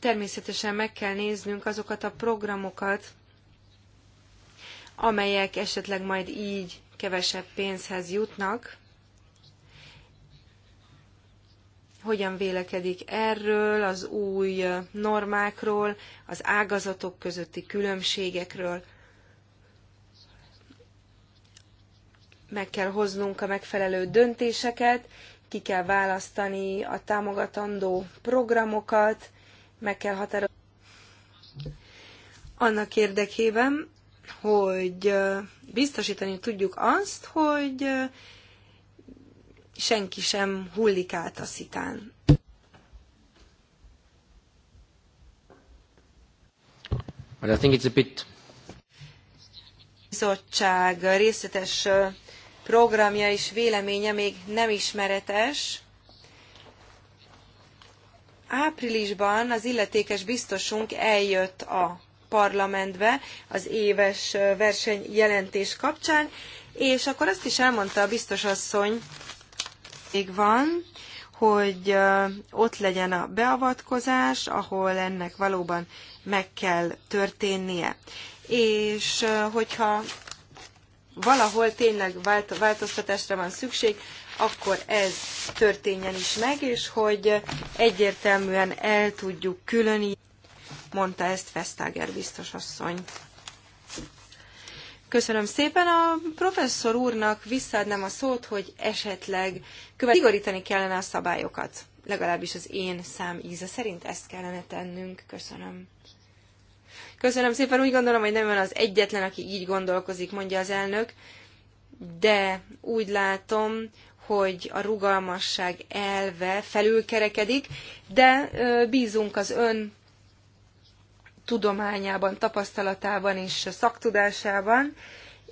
Természetesen meg kell néznünk azokat a programokat, amelyek esetleg majd így kevesebb pénzhez jutnak. Hogyan vélekedik erről, az új normákról, az ágazatok közötti különbségekről? Meg kell hoznunk a megfelelő döntéseket, ki kell választani a támogatandó programokat, meg kell határozni annak érdekében, hogy biztosítani tudjuk azt, hogy senki sem hullik át a szitán. Well, I think it's a bit... Bizottság részletes programja és véleménye még nem ismeretes. Áprilisban az illetékes biztosunk eljött a parlamentbe az éves versenyjelentés kapcsán, és akkor azt is elmondta a biztos asszony, még van, hogy ott legyen a beavatkozás, ahol ennek valóban meg kell történnie. És hogyha valahol tényleg változtatásra van szükség, akkor ez történjen is meg, és hogy egyértelműen el tudjuk különíteni mondta ezt Vesztáger biztos asszony. Köszönöm szépen. A professzor úrnak visszaadnám a szót, hogy esetleg követ... szigorítani kellene a szabályokat. Legalábbis az én szám íze szerint ezt kellene tennünk. Köszönöm. Köszönöm szépen. Úgy gondolom, hogy nem ön az egyetlen, aki így gondolkozik, mondja az elnök, de úgy látom, hogy a rugalmasság elve felülkerekedik, de bízunk az ön tudományában, tapasztalatában és szaktudásában,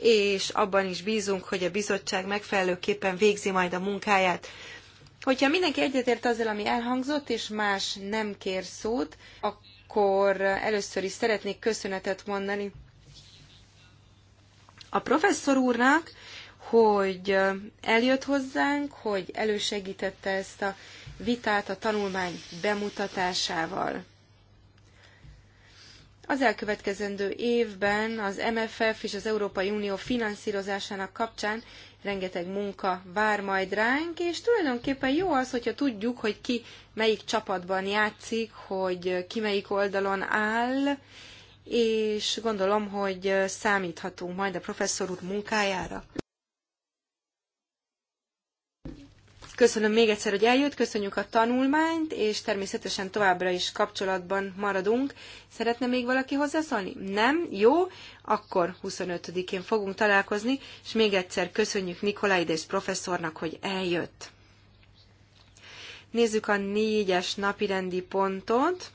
és abban is bízunk, hogy a bizottság megfelelőképpen végzi majd a munkáját. Hogyha mindenki egyetért azzal, ami elhangzott, és más nem kér szót, akkor először is szeretnék köszönetet mondani a professzor úrnak, hogy eljött hozzánk, hogy elősegítette ezt a vitát a tanulmány bemutatásával. Az elkövetkezendő évben az MFF és az Európai Unió finanszírozásának kapcsán rengeteg munka vár majd ránk, és tulajdonképpen jó az, hogyha tudjuk, hogy ki melyik csapatban játszik, hogy ki melyik oldalon áll, és gondolom, hogy számíthatunk majd a professzor úr munkájára. Köszönöm még egyszer, hogy eljött, köszönjük a tanulmányt, és természetesen továbbra is kapcsolatban maradunk. Szeretne még valaki hozzászólni? Nem? Jó? Akkor 25-én fogunk találkozni, és még egyszer köszönjük Nikolaides professzornak, hogy eljött. Nézzük a négyes napirendi pontot.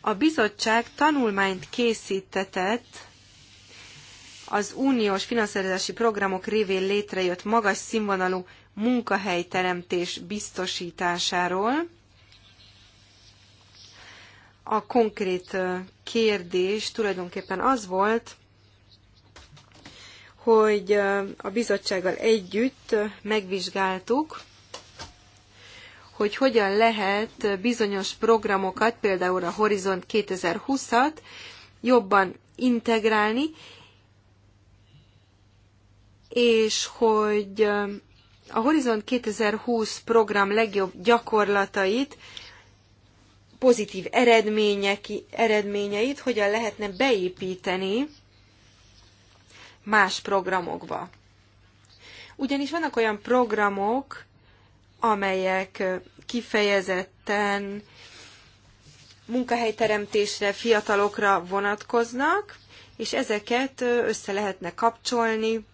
A bizottság tanulmányt készítetett az uniós finanszírozási programok révén létrejött magas színvonalú munkahelyteremtés biztosításáról. A konkrét kérdés tulajdonképpen az volt, hogy a bizottsággal együtt megvizsgáltuk, hogy hogyan lehet bizonyos programokat, például a Horizont 2020-at jobban integrálni, és hogy a Horizont 2020 program legjobb gyakorlatait, pozitív eredményeit hogyan lehetne beépíteni más programokba. Ugyanis vannak olyan programok, amelyek kifejezetten munkahelyteremtésre, fiatalokra vonatkoznak, és ezeket össze lehetne kapcsolni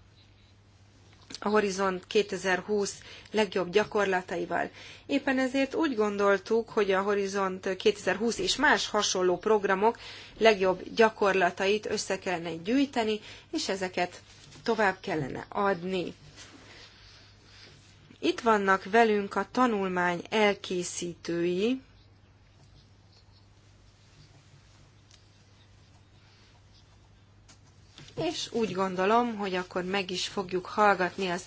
a Horizont 2020 legjobb gyakorlataival. Éppen ezért úgy gondoltuk, hogy a Horizont 2020 és más hasonló programok legjobb gyakorlatait össze kellene gyűjteni, és ezeket tovább kellene adni. Itt vannak velünk a tanulmány elkészítői, és úgy gondolom, hogy akkor meg is fogjuk hallgatni az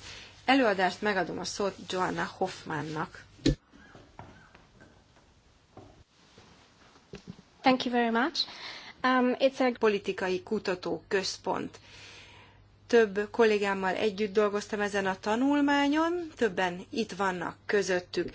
előadást, megadom a szót Joanna Hoffmannak. Thank you very much. Um, it's a politikai központ. Több kollégámmal együtt dolgoztam ezen a tanulmányon, többen itt vannak közöttük.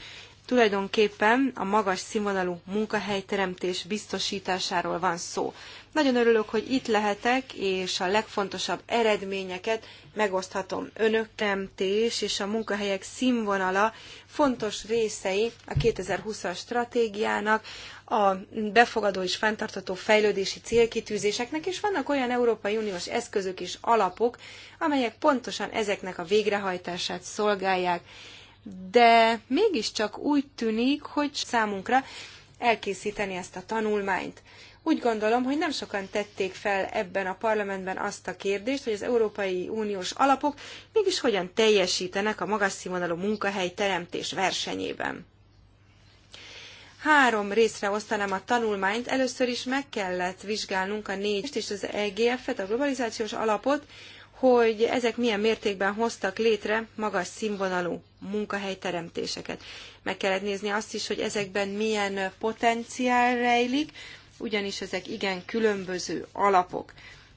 Tulajdonképpen a magas színvonalú munkahelyteremtés biztosításáról van szó. Nagyon örülök, hogy itt lehetek, és a legfontosabb eredményeket megoszthatom önök. Teremtés és a munkahelyek színvonala fontos részei a 2020-as stratégiának, a befogadó és fenntartató fejlődési célkitűzéseknek, és vannak olyan Európai Uniós eszközök és alapok, amelyek pontosan ezeknek a végrehajtását szolgálják de mégiscsak úgy tűnik, hogy számunkra elkészíteni ezt a tanulmányt. Úgy gondolom, hogy nem sokan tették fel ebben a parlamentben azt a kérdést, hogy az Európai Uniós alapok mégis hogyan teljesítenek a magas színvonalú munkahely teremtés versenyében. Három részre osztanám a tanulmányt. Először is meg kellett vizsgálnunk a négy és az EGF-et, a globalizációs alapot, hogy ezek milyen mértékben hoztak létre magas színvonalú munkahelyteremtéseket. Meg kellett nézni azt is, hogy ezekben milyen potenciál rejlik, ugyanis ezek igen különböző alapok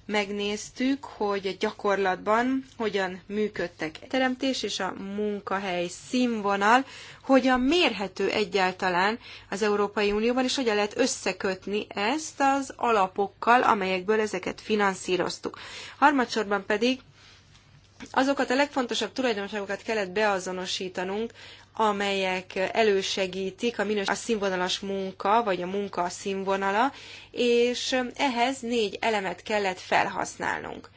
megnéztük, hogy a gyakorlatban hogyan működtek a teremtés és a munkahely színvonal, hogyan mérhető egyáltalán az Európai Unióban, és hogyan lehet összekötni ezt az alapokkal, amelyekből ezeket finanszíroztuk. Harmadsorban pedig azokat a legfontosabb tulajdonságokat kellett beazonosítanunk, amelyek elősegítik a, minős- a színvonalas munka, vagy a munka a színvonala, és ehhez négy elemet kellett felhasználnunk.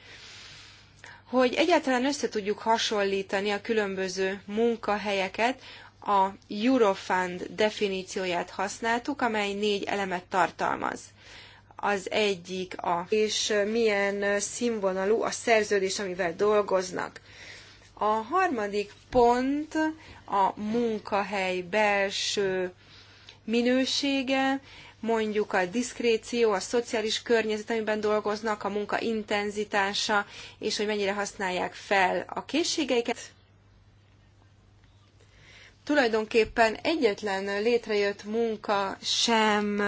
Hogy egyáltalán össze tudjuk hasonlítani a különböző munkahelyeket, a Eurofund definícióját használtuk, amely négy elemet tartalmaz az egyik a, és milyen színvonalú a szerződés, amivel dolgoznak. A harmadik pont a munkahely belső minősége, mondjuk a diszkréció, a szociális környezet, amiben dolgoznak, a munka intenzitása, és hogy mennyire használják fel a készségeiket. Tulajdonképpen egyetlen létrejött munka sem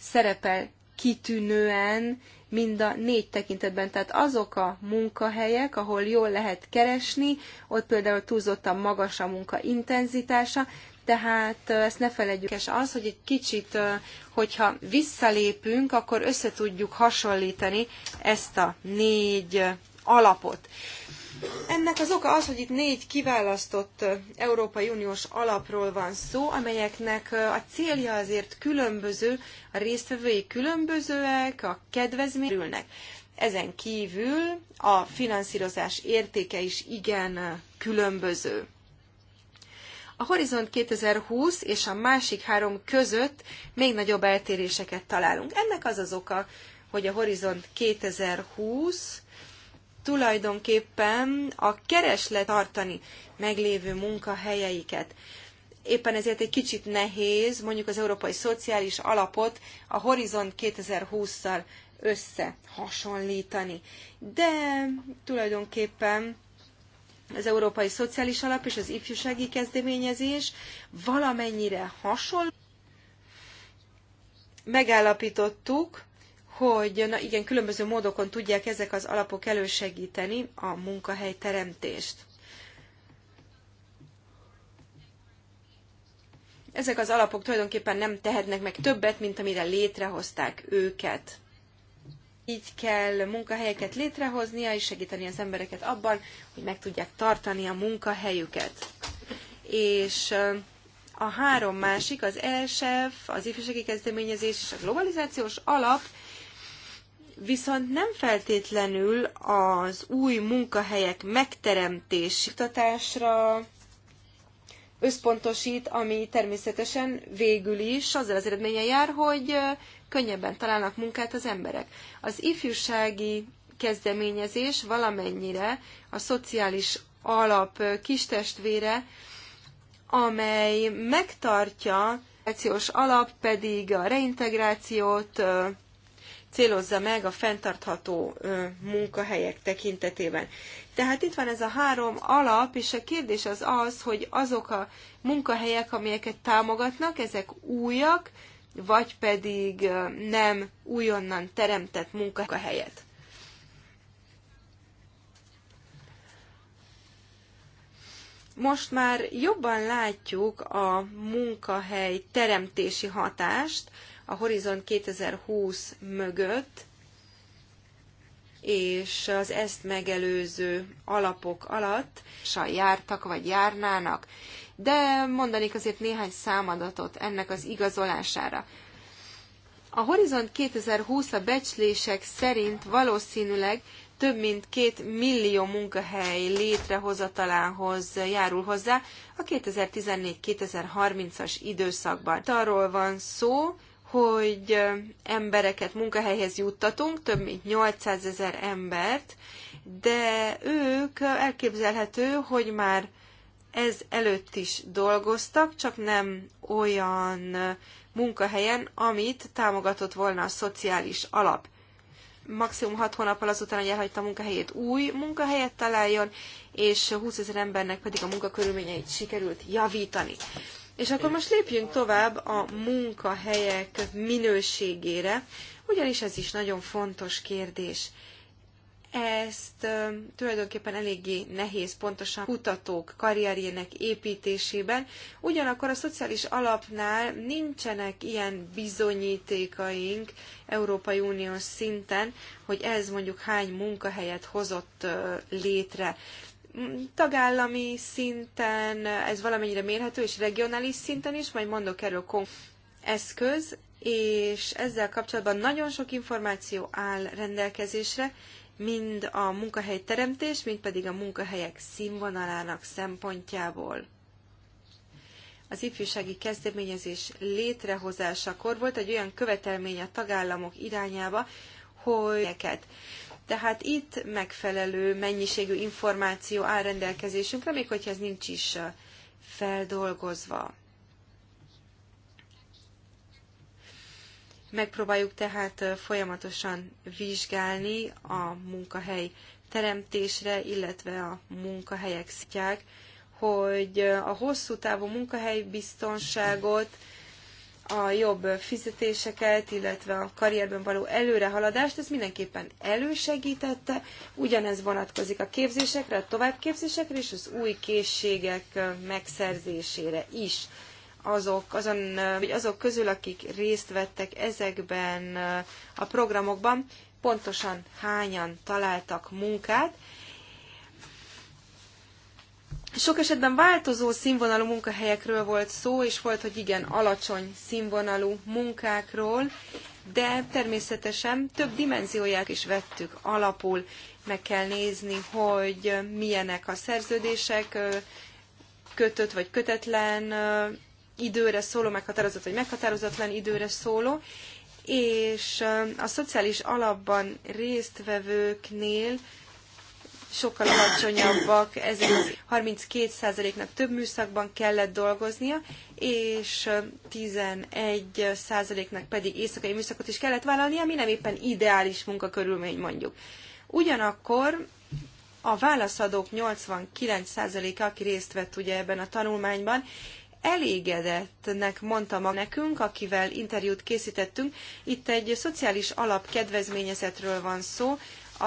szerepel kitűnően mind a négy tekintetben. Tehát azok a munkahelyek, ahol jól lehet keresni, ott például túlzottan magas a munka intenzitása, tehát ezt ne felejtjük, és az, hogy egy kicsit, hogyha visszalépünk, akkor összetudjuk hasonlítani ezt a négy alapot. Ennek az oka az, hogy itt négy kiválasztott Európai Uniós alapról van szó, amelyeknek a célja azért különböző, a résztvevői különbözőek, a kedvezményülnek. Ezen kívül a finanszírozás értéke is igen különböző. A Horizont 2020 és a másik három között még nagyobb eltéréseket találunk. Ennek az az oka, hogy a Horizont 2020 tulajdonképpen a kereslet tartani meglévő munkahelyeiket. Éppen ezért egy kicsit nehéz mondjuk az Európai Szociális Alapot a Horizont 2020-szal összehasonlítani. De tulajdonképpen az Európai Szociális Alap és az ifjúsági kezdeményezés valamennyire hasonló. Megállapítottuk, hogy na igen, különböző módokon tudják ezek az alapok elősegíteni a munkahely teremtést. Ezek az alapok tulajdonképpen nem tehetnek meg többet, mint amire létrehozták őket. Így kell munkahelyeket létrehoznia és segíteni az embereket abban, hogy meg tudják tartani a munkahelyüket. És a három másik, az ELSEF, az ifjúsági kezdeményezés és a globalizációs alap viszont nem feltétlenül az új munkahelyek megteremtési kutatásra összpontosít, ami természetesen végül is azzal az eredménye jár, hogy könnyebben találnak munkát az emberek. Az ifjúsági kezdeményezés valamennyire a szociális alap kistestvére, amely megtartja, alap pedig a reintegrációt, célozza meg a fenntartható munkahelyek tekintetében. Tehát itt van ez a három alap, és a kérdés az az, hogy azok a munkahelyek, amelyeket támogatnak, ezek újak, vagy pedig nem újonnan teremtett munkahelyet. Most már jobban látjuk a munkahely teremtési hatást, a Horizon 2020 mögött, és az ezt megelőző alapok alatt jártak vagy járnának. De mondanék azért néhány számadatot ennek az igazolására. A Horizont 2020 a becslések szerint valószínűleg több mint két millió munkahely létrehozatalához járul hozzá a 2014-2030-as időszakban. Arról van szó, hogy embereket munkahelyhez juttatunk, több mint 800 ezer embert, de ők elképzelhető, hogy már ez előtt is dolgoztak, csak nem olyan munkahelyen, amit támogatott volna a szociális alap. Maximum 6 hónappal azután, hogy elhagyta a munkahelyét, új munkahelyet találjon, és 20 ezer embernek pedig a munkakörülményeit sikerült javítani. És akkor most lépjünk tovább a munkahelyek minőségére, ugyanis ez is nagyon fontos kérdés. Ezt tulajdonképpen eléggé nehéz pontosan kutatók karrierjének építésében, ugyanakkor a szociális alapnál nincsenek ilyen bizonyítékaink Európai Uniós szinten, hogy ez mondjuk hány munkahelyet hozott létre tagállami szinten, ez valamennyire mérhető, és regionális szinten is, majd mondok erről eszköz, és ezzel kapcsolatban nagyon sok információ áll rendelkezésre, mind a munkahely teremtés, mind pedig a munkahelyek színvonalának szempontjából. Az ifjúsági kezdeményezés létrehozásakor volt egy olyan követelmény a tagállamok irányába, hogy tehát itt megfelelő mennyiségű információ áll rendelkezésünkre, még hogyha ez nincs is feldolgozva. Megpróbáljuk tehát folyamatosan vizsgálni a munkahely teremtésre, illetve a munkahelyek szintják, hogy a hosszú távú munkahelybiztonságot a jobb fizetéseket, illetve a karrierben való előrehaladást, ez mindenképpen elősegítette. Ugyanez vonatkozik a képzésekre, a továbbképzésekre és az új készségek megszerzésére is. Azok, azon, vagy azok közül, akik részt vettek ezekben a programokban, pontosan hányan találtak munkát, sok esetben változó színvonalú munkahelyekről volt szó, és volt, hogy igen, alacsony színvonalú munkákról, de természetesen több dimenzióját is vettük alapul. Meg kell nézni, hogy milyenek a szerződések, kötött vagy kötetlen időre szóló, meghatározott vagy meghatározatlan időre szóló, és a szociális alapban résztvevőknél sokkal alacsonyabbak, Ezért 32%-nak több műszakban kellett dolgoznia, és 11%-nak pedig éjszakai műszakot is kellett vállalnia, ami nem éppen ideális munkakörülmény mondjuk. Ugyanakkor a válaszadók 89%-a, aki részt vett ugye ebben a tanulmányban, elégedettnek mondta ma nekünk, akivel interjút készítettünk. Itt egy szociális alap kedvezményezetről van szó,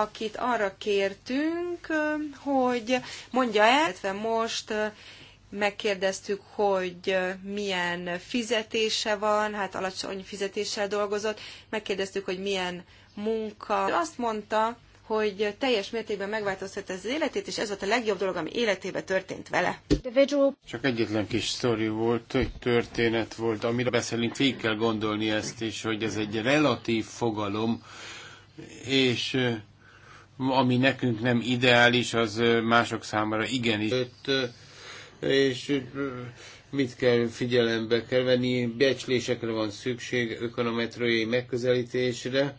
akit arra kértünk, hogy mondja el, illetve most megkérdeztük, hogy milyen fizetése van, hát alacsony fizetéssel dolgozott, megkérdeztük, hogy milyen munka. Azt mondta, hogy teljes mértékben megváltoztatta az életét, és ez volt a legjobb dolog, ami életébe történt vele. Csak egyetlen kis sztori volt, hogy történet volt, amire beszélünk, végig kell gondolni ezt is, hogy ez egy relatív fogalom, és ami nekünk nem ideális, az mások számára igenis. És mit kell figyelembe kell venni, becslésekre van szükség, ökonometriai megközelítésre,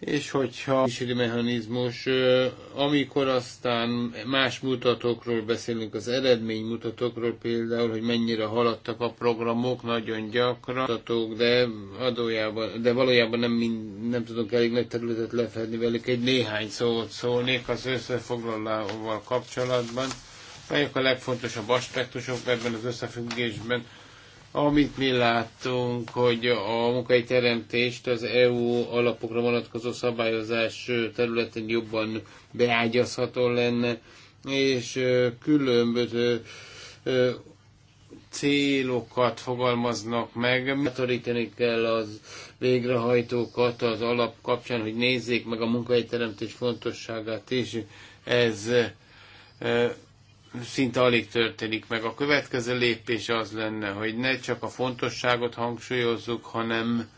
és hogyha kísérleti mechanizmus, amikor aztán más mutatókról beszélünk, az eredmény mutatókról, például, hogy mennyire haladtak a programok, nagyon gyakran mutatók, de, adójában, de valójában nem, mind, nem tudunk elég nagy területet lefedni velük. Egy néhány szót szólnék az összefoglalóval kapcsolatban, melyek a legfontosabb aspektusok ebben az összefüggésben. Amit mi láttunk, hogy a munkai teremtést az EU alapokra vonatkozó szabályozás területén jobban beágyazható lenne, és különböző célokat fogalmaznak meg. Bátorítani kell az végrehajtókat az alap kapcsán, hogy nézzék meg a munkahelyteremtés fontosságát, és ez szinte alig történik meg. A következő lépés az lenne, hogy ne csak a fontosságot hangsúlyozzuk, hanem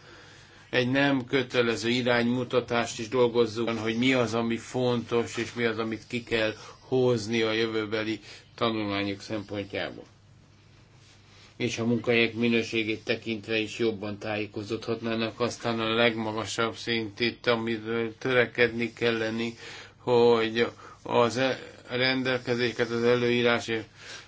egy nem kötelező iránymutatást is dolgozzunk, hogy mi az, ami fontos, és mi az, amit ki kell hozni a jövőbeli tanulmányok szempontjából. És a munkahelyek minőségét tekintve is jobban tájékozódhatnának, aztán a legmagasabb szint itt, amiről törekedni kelleni, hogy az e- rendelkezik ez az előírás, és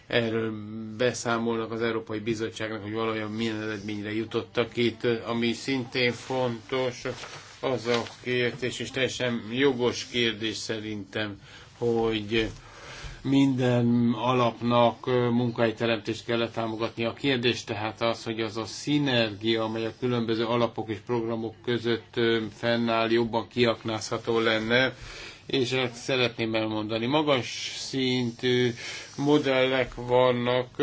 erről beszámolnak az Európai Bizottságnak, hogy valójában milyen eredményre jutottak itt, ami szintén fontos, az a kérdés, és teljesen jogos kérdés szerintem, hogy minden alapnak munkahelyteremtést kellett támogatni. A kérdés tehát az, hogy az a szinergia, amely a különböző alapok és programok között fennáll, jobban kiaknázható lenne, és ezt szeretném elmondani. Magas szintű modellek vannak,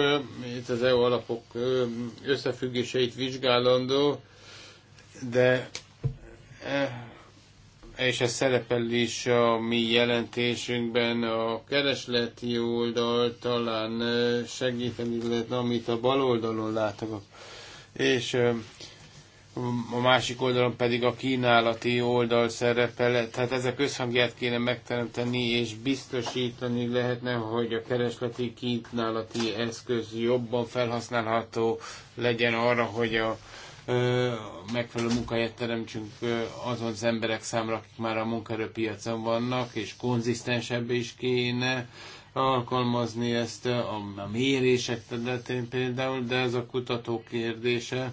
itt az EU alapok összefüggéseit vizsgálandó, de e, és ez szerepel is a mi jelentésünkben, a keresleti oldal talán segíteni lehetne, amit a bal oldalon látok. És a másik oldalon pedig a kínálati oldal szerepel, tehát ezek összhangját kéne megteremteni és biztosítani lehetne, hogy a keresleti kínálati eszköz jobban felhasználható legyen arra, hogy a ö, megfelelő munkahelyet teremtsünk azon az emberek számára, akik már a munkaerőpiacon vannak, és konzisztensebb is kéne alkalmazni ezt a, a mérések területén például, de ez a kutató kérdése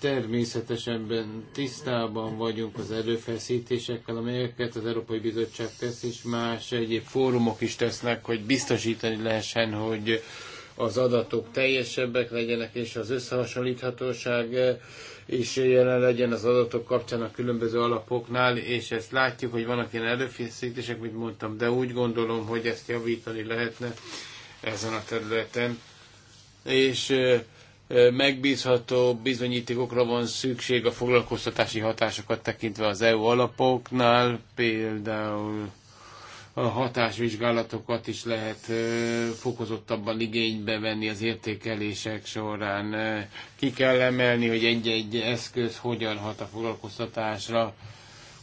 Természetesen tisztában vagyunk az erőfeszítésekkel, amelyeket az Európai Bizottság tesz, és más egyéb fórumok is tesznek, hogy biztosítani lehessen, hogy az adatok teljesebbek legyenek, és az összehasonlíthatóság eh, is jelen legyen az adatok kapcsán a különböző alapoknál, és ezt látjuk, hogy vannak ilyen erőfeszítések, mint mondtam, de úgy gondolom, hogy ezt javítani lehetne ezen a területen. És eh, megbízható bizonyítékokra van szükség a foglalkoztatási hatásokat tekintve az EU alapoknál, például a hatásvizsgálatokat is lehet fokozottabban igénybe venni az értékelések során. Ki kell emelni, hogy egy-egy eszköz hogyan hat a foglalkoztatásra,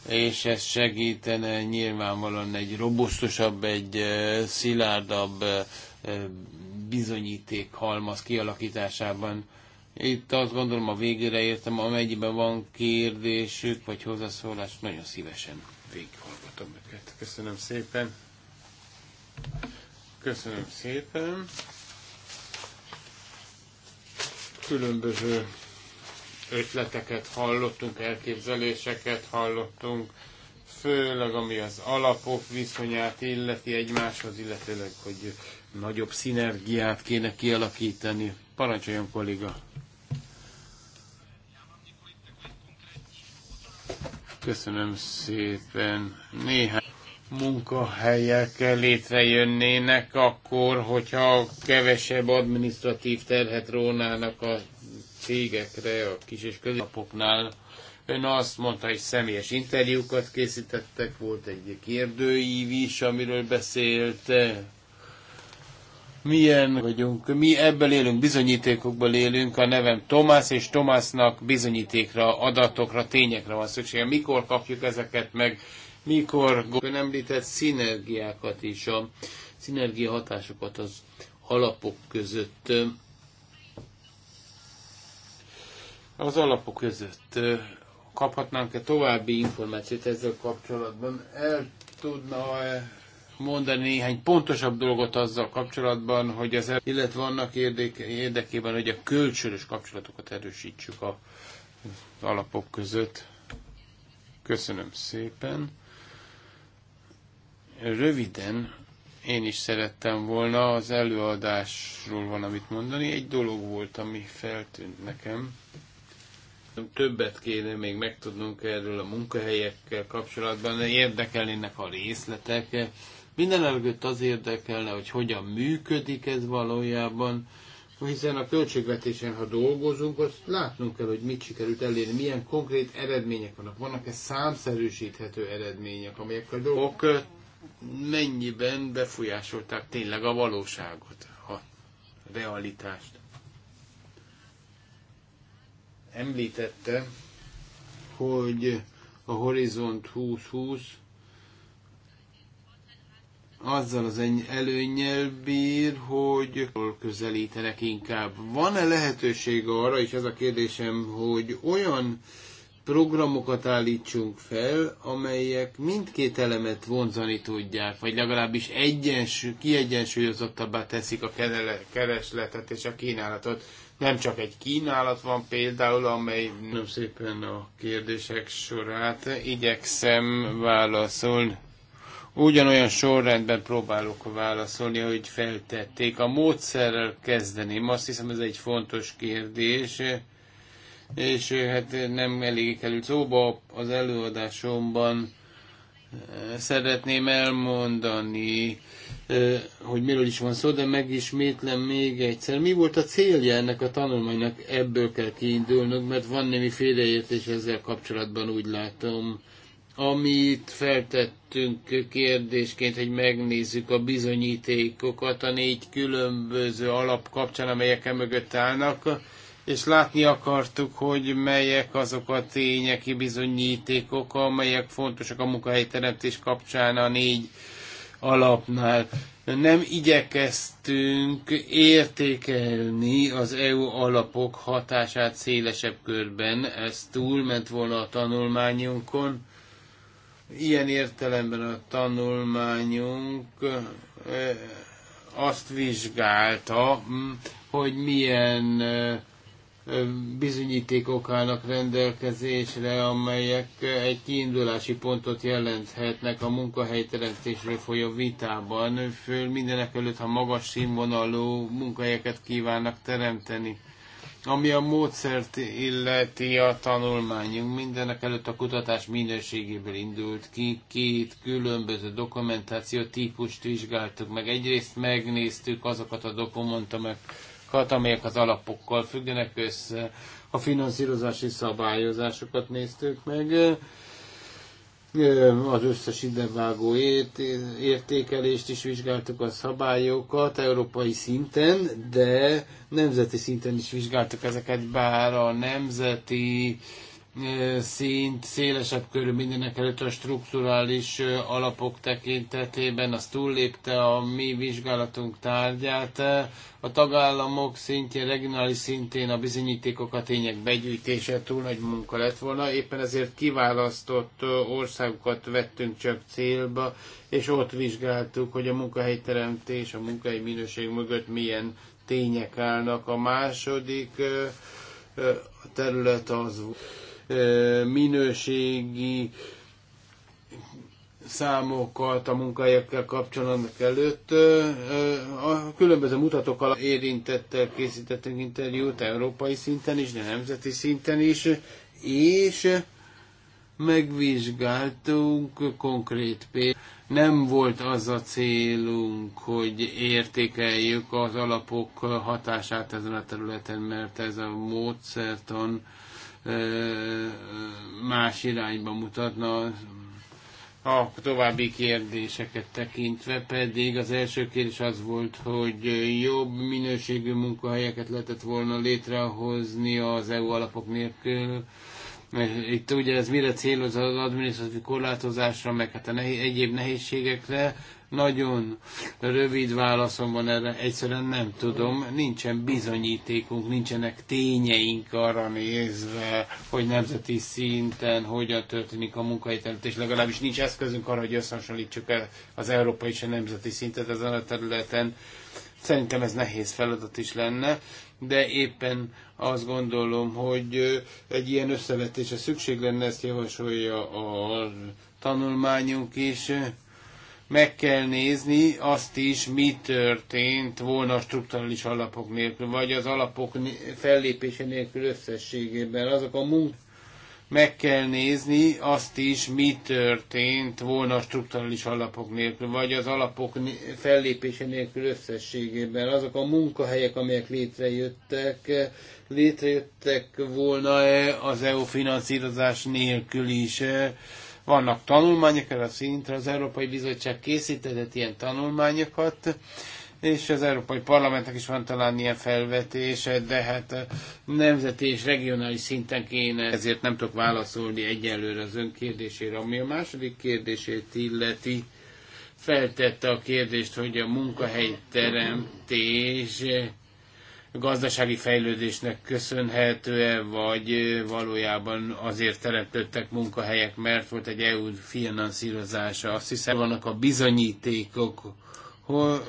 és ez segítene nyilvánvalóan egy robusztusabb, egy szilárdabb bizonyíték halmaz kialakításában. Itt azt gondolom a végére értem, amennyiben van kérdésük vagy hozzászólás, nagyon szívesen végighallgatom őket. Köszönöm szépen. Köszönöm szépen. Különböző ötleteket hallottunk, elképzeléseket hallottunk, főleg ami az alapok viszonyát illeti egymáshoz, illetőleg, hogy nagyobb szinergiát kéne kialakítani. Parancsoljon, kolléga! Köszönöm szépen. Néhány munkahelyek létrejönnének akkor, hogyha kevesebb administratív terhet rónának a cégekre, a kis és középoknál. Ön azt mondta, hogy személyes interjúkat készítettek, volt egy kérdőív is, amiről beszélt milyen vagyunk, mi ebből élünk, bizonyítékokból élünk, a nevem Tomás, és Tomásnak bizonyítékra, adatokra, tényekre van szüksége. Mikor kapjuk ezeket meg, mikor ön említett szinergiákat is, a szinergia hatásokat az alapok között az alapok között kaphatnánk-e további információt ezzel kapcsolatban? El tudna -e mondani néhány pontosabb dolgot azzal kapcsolatban, hogy ez, illetve annak érdekében, hogy a kölcsönös kapcsolatokat erősítsük a alapok között. Köszönöm szépen. Röviden én is szerettem volna az előadásról van, amit mondani. Egy dolog volt, ami feltűnt nekem. Többet kéne még megtudnunk erről a munkahelyekkel kapcsolatban, érdekelnének a részletek. Minden előtt az érdekelne, hogy hogyan működik ez valójában, hiszen a költségvetésen, ha dolgozunk, azt látnunk kell, hogy mit sikerült elérni, milyen konkrét eredmények vannak. Vannak-e számszerűsíthető eredmények, amelyek a dolgok mennyiben befolyásolták tényleg a valóságot, a realitást. Említette, hogy a Horizont 2020 azzal az előnyel bír, hogy közelítenek inkább. Van-e lehetőség arra, és ez a kérdésem, hogy olyan programokat állítsunk fel, amelyek mindkét elemet vonzani tudják, vagy legalábbis egyensú, kiegyensúlyozottabbá teszik a keresletet és a kínálatot. Nem csak egy kínálat van például, amely... Nem szépen a kérdések sorát igyekszem válaszolni Ugyanolyan sorrendben próbálok válaszolni, hogy feltették. A módszerrel kezdeném, azt hiszem ez egy fontos kérdés, és eh, hát eh, nem elég került szóba az előadásomban. Eh, szeretném elmondani, hogy miről is van szó, de megismétlem még egyszer. Mi volt a célja ennek a tanulmánynak? Ebből kell kiindulnunk, mert van némi félreértés ezzel kapcsolatban, úgy látom amit feltettünk kérdésként, hogy megnézzük a bizonyítékokat a négy különböző alap kapcsán, amelyek mögött állnak, és látni akartuk, hogy melyek azok a tényeki bizonyítékok, amelyek fontosak a munkahelyteremtés kapcsán a négy alapnál. Nem igyekeztünk értékelni az EU alapok hatását szélesebb körben, ez túlment volna a tanulmányunkon Ilyen értelemben a tanulmányunk azt vizsgálta, hogy milyen bizonyítékok állnak rendelkezésre, amelyek egy kiindulási pontot jelenthetnek a munkahelyteremtésről folyó vitában, föl mindenek előtt, ha magas színvonalú munkahelyeket kívánnak teremteni. Ami a módszert illeti a tanulmányunk, mindenek előtt a kutatás minőségéből indult ki, két különböző dokumentáció típust vizsgáltuk meg. Egyrészt megnéztük azokat a dokumentumokat, amelyek az alapokkal függenek össze, a finanszírozási szabályozásokat néztük meg, az összes idevágó értékelést is vizsgáltuk a szabályokat európai szinten, de nemzeti szinten is vizsgáltuk ezeket, bár a nemzeti szint, szélesebb körül mindenek előtt a strukturális alapok tekintetében, az túllépte a mi vizsgálatunk tárgyát. A tagállamok szintjén, regionális szintén a bizonyítékok, a tények begyűjtése túl nagy munka lett volna, éppen ezért kiválasztott országokat vettünk csak célba, és ott vizsgáltuk, hogy a munkahelyteremtés, a munkahelyi minőség mögött milyen tények állnak. A második terület az volt minőségi számokat a munkahelyekkel kapcsolatnak előtt. A különböző mutatókkal érintettel készítettünk interjút európai szinten is, de nemzeti szinten is, és megvizsgáltunk konkrét példát. Nem volt az a célunk, hogy értékeljük az alapok hatását ezen a területen, mert ez a módszertan más irányba mutatna. A további kérdéseket tekintve pedig az első kérdés az volt, hogy jobb minőségű munkahelyeket lehetett volna létrehozni az EU alapok nélkül. Itt ugye ez mire céloz az adminisztratív korlátozásra, meg hát a nehéz, egyéb nehézségekre, nagyon rövid válaszom van erre, egyszerűen nem tudom, nincsen bizonyítékunk, nincsenek tényeink arra nézve, hogy nemzeti szinten hogyan történik a És legalábbis nincs eszközünk arra, hogy összehasonlítsuk az európai és a nemzeti szintet ezen a területen. Szerintem ez nehéz feladat is lenne, de éppen azt gondolom, hogy egy ilyen összevetése szükség lenne, ezt javasolja a tanulmányunk is meg kell nézni azt is, mi történt volna a strukturális alapok nélkül, vagy az alapok fellépése nélkül összességében. Azok a munk meg kell nézni azt is, mi történt volna a strukturális alapok nélkül, vagy az alapok fellépése nélkül összességében. Azok a munkahelyek, amelyek létrejöttek, létrejöttek volna -e az EU finanszírozás nélkül is vannak tanulmányok erre a szintre, az Európai Bizottság készítetett ilyen tanulmányokat, és az Európai Parlamentnek is van talán ilyen felvetése, de hát nemzeti és regionális szinten kéne, ezért nem tudok válaszolni egyelőre az ön kérdésére. Ami a második kérdését illeti, feltette a kérdést, hogy a munkahelyteremtés teremtés gazdasági fejlődésnek köszönhető-e, vagy valójában azért teremtődtek munkahelyek, mert volt egy EU finanszírozása. Azt hiszem, vannak a bizonyítékok, hol,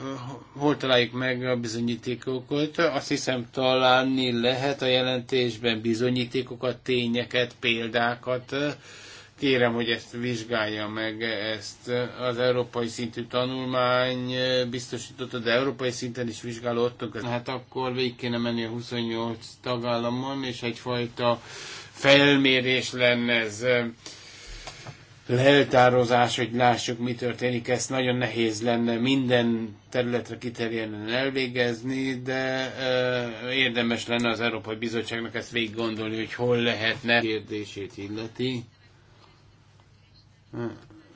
hol találjuk meg a bizonyítékokat? Azt hiszem találni lehet a jelentésben bizonyítékokat, tényeket, példákat, Kérem, hogy ezt vizsgálja meg, ezt az európai szintű tanulmány biztosította, de európai szinten is vizsgálódtunk. Hát akkor végig kéne menni a 28 tagállamon, és egyfajta felmérés lenne ez leltározás, hogy lássuk, mi történik, ezt nagyon nehéz lenne minden területre kiterjedően elvégezni, de e, érdemes lenne az Európai Bizottságnak ezt végig gondolni, hogy hol lehetne kérdését illeti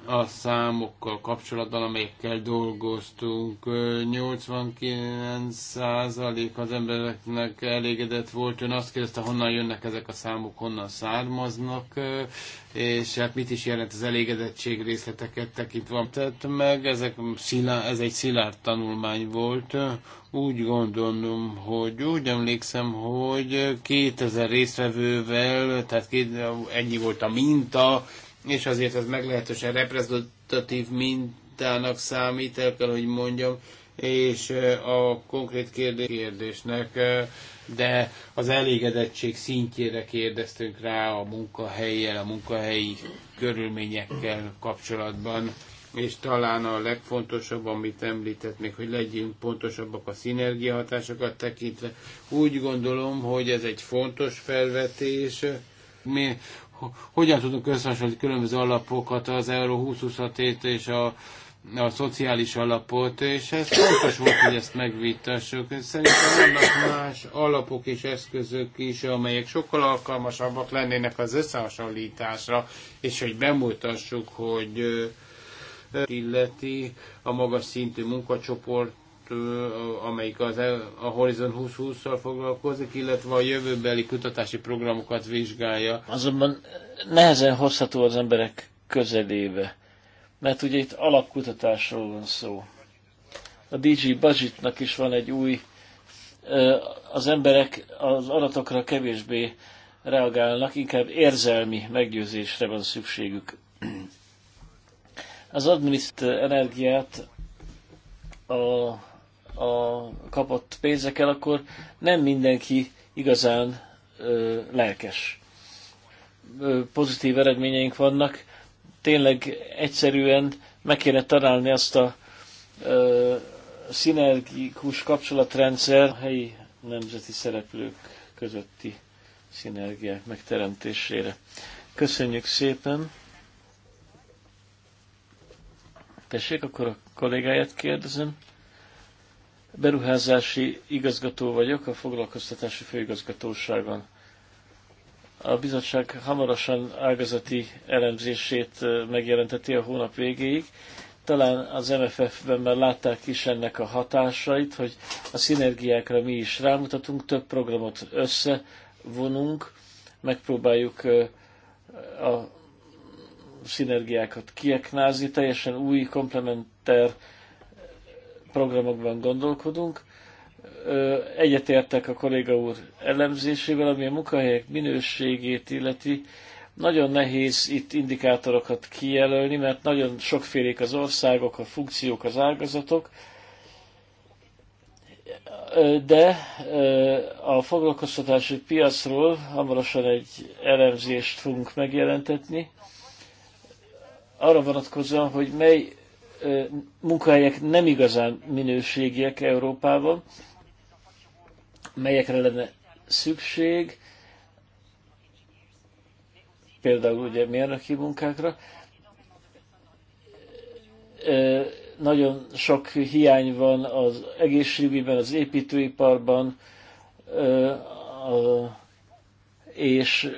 a számokkal kapcsolatban, amelyekkel dolgoztunk. 89% az embereknek elégedett volt. Ön azt kérdezte, honnan jönnek ezek a számok, honnan származnak, és hát mit is jelent az elégedettség részleteket tekintve. Tehát meg ezek ez egy szilárd tanulmány volt. Úgy gondolom, hogy úgy emlékszem, hogy 2000 résztvevővel, tehát ennyi volt a minta, és azért ez meglehetősen reprezentatív mintának számít, el kell, hogy mondjam, és a konkrét kérdésnek, de az elégedettség szintjére kérdeztünk rá a munkahelyjel, a munkahelyi körülményekkel kapcsolatban, és talán a legfontosabb, amit említett még, hogy legyünk pontosabbak a szinergiahatásokat tekintve. Úgy gondolom, hogy ez egy fontos felvetés, mi hogyan tudunk összehasonlítani különböző alapokat, az Euró 2027 és a, a szociális alapot, és ez fontos volt, hogy ezt megvitassuk. Szerintem vannak más alapok és eszközök is, amelyek sokkal alkalmasabbak lennének az összehasonlításra, és hogy bemutassuk, hogy illeti a magas szintű munkacsoport amelyik az, a Horizon 2020-szal foglalkozik, illetve a jövőbeli kutatási programokat vizsgálja. Azonban nehezen hozható az emberek közelébe, mert ugye itt alapkutatásról van szó. A DJ Budgetnak is van egy új, az emberek az adatokra kevésbé reagálnak, inkább érzelmi meggyőzésre van szükségük. Az adminiszt energiát a a kapott pénzekkel, akkor nem mindenki igazán ö, lelkes. Ö, pozitív eredményeink vannak. Tényleg egyszerűen meg kéne találni azt a ö, szinergikus kapcsolatrendszer a helyi nemzeti szereplők közötti szinergiák megteremtésére. Köszönjük szépen! Tessék, akkor a kollégáját kérdezem beruházási igazgató vagyok a foglalkoztatási főigazgatóságon. A bizottság hamarosan ágazati elemzését megjelenteti a hónap végéig. Talán az MFF-ben már látták is ennek a hatásait, hogy a szinergiákra mi is rámutatunk, több programot összevonunk, megpróbáljuk a szinergiákat kieknázni, teljesen új komplementer programokban gondolkodunk. Egyetértek a kolléga úr elemzésével, ami a munkahelyek minőségét illeti. Nagyon nehéz itt indikátorokat kijelölni, mert nagyon sokfélék az országok, a funkciók, az ágazatok, de a foglalkoztatási piacról hamarosan egy elemzést fogunk megjelentetni, arra vonatkozóan, hogy mely munkahelyek nem igazán minőségiek Európában, melyekre lenne szükség, például ugye mérnöki munkákra. Nagyon sok hiány van az egészségügyben, az építőiparban, és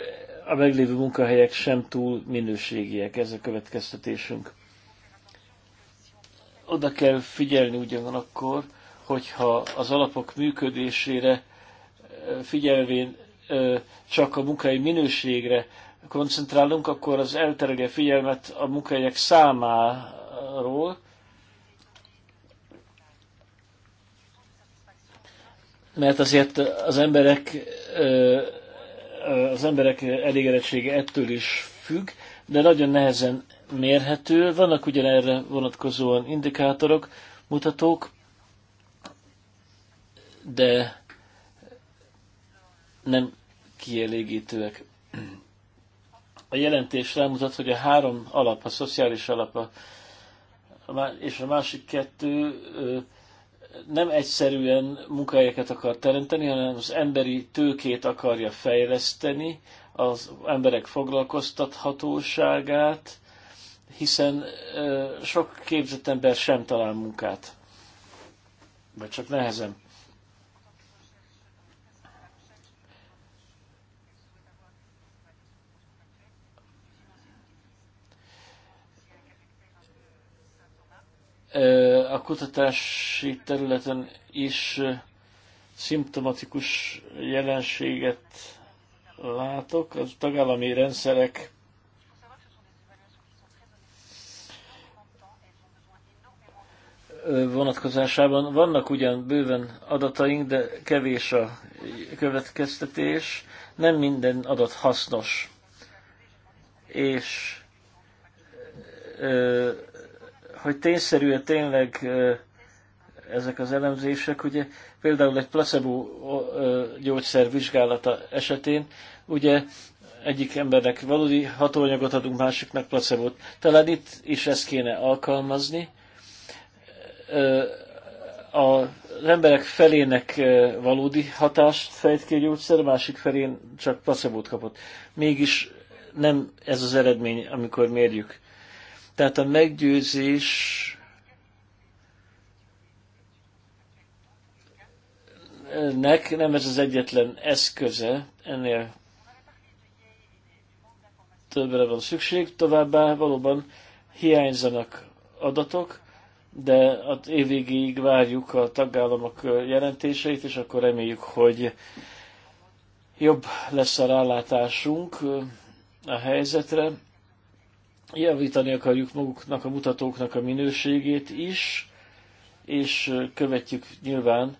a meglévő munkahelyek sem túl minőségiek, ez a következtetésünk. Oda kell figyelni ugyanakkor, hogyha az alapok működésére figyelvén csak a munkai minőségre koncentrálunk, akkor az eltereli figyelmet a munkahelyek számáról, mert azért az emberek az emberek elégedettsége ettől is függ, de nagyon nehezen mérhető, vannak ugyan erre vonatkozóan indikátorok, mutatók, de nem kielégítőek. A jelentés rámutat, hogy a három alap, a szociális alap a, és a másik kettő nem egyszerűen munkahelyeket akar teremteni, hanem az emberi tőkét akarja fejleszteni, az emberek foglalkoztathatóságát, hiszen sok képzett ember sem talál munkát, vagy csak nehezen. A kutatási területen is szimptomatikus jelenséget látok. A tagállami rendszerek vonatkozásában vannak ugyan bőven adataink, de kevés a következtetés. Nem minden adat hasznos. És hogy tényszerű -e tényleg ezek az elemzések, ugye például egy placebo gyógyszer vizsgálata esetén, ugye egyik embernek valódi hatóanyagot adunk, másiknak placebo-t, -t. Talán itt is ezt kéne alkalmazni, az emberek felének valódi hatást fejt ki a gyógyszer, a másik felén csak placebót kapott. Mégis nem ez az eredmény, amikor mérjük. Tehát a meggyőzés nek nem ez az egyetlen eszköze, ennél többre van szükség, továbbá valóban hiányzanak adatok, de az évvégéig várjuk a tagállamok jelentéseit, és akkor reméljük, hogy jobb lesz a rálátásunk a helyzetre. Javítani akarjuk maguknak a mutatóknak a minőségét is, és követjük nyilván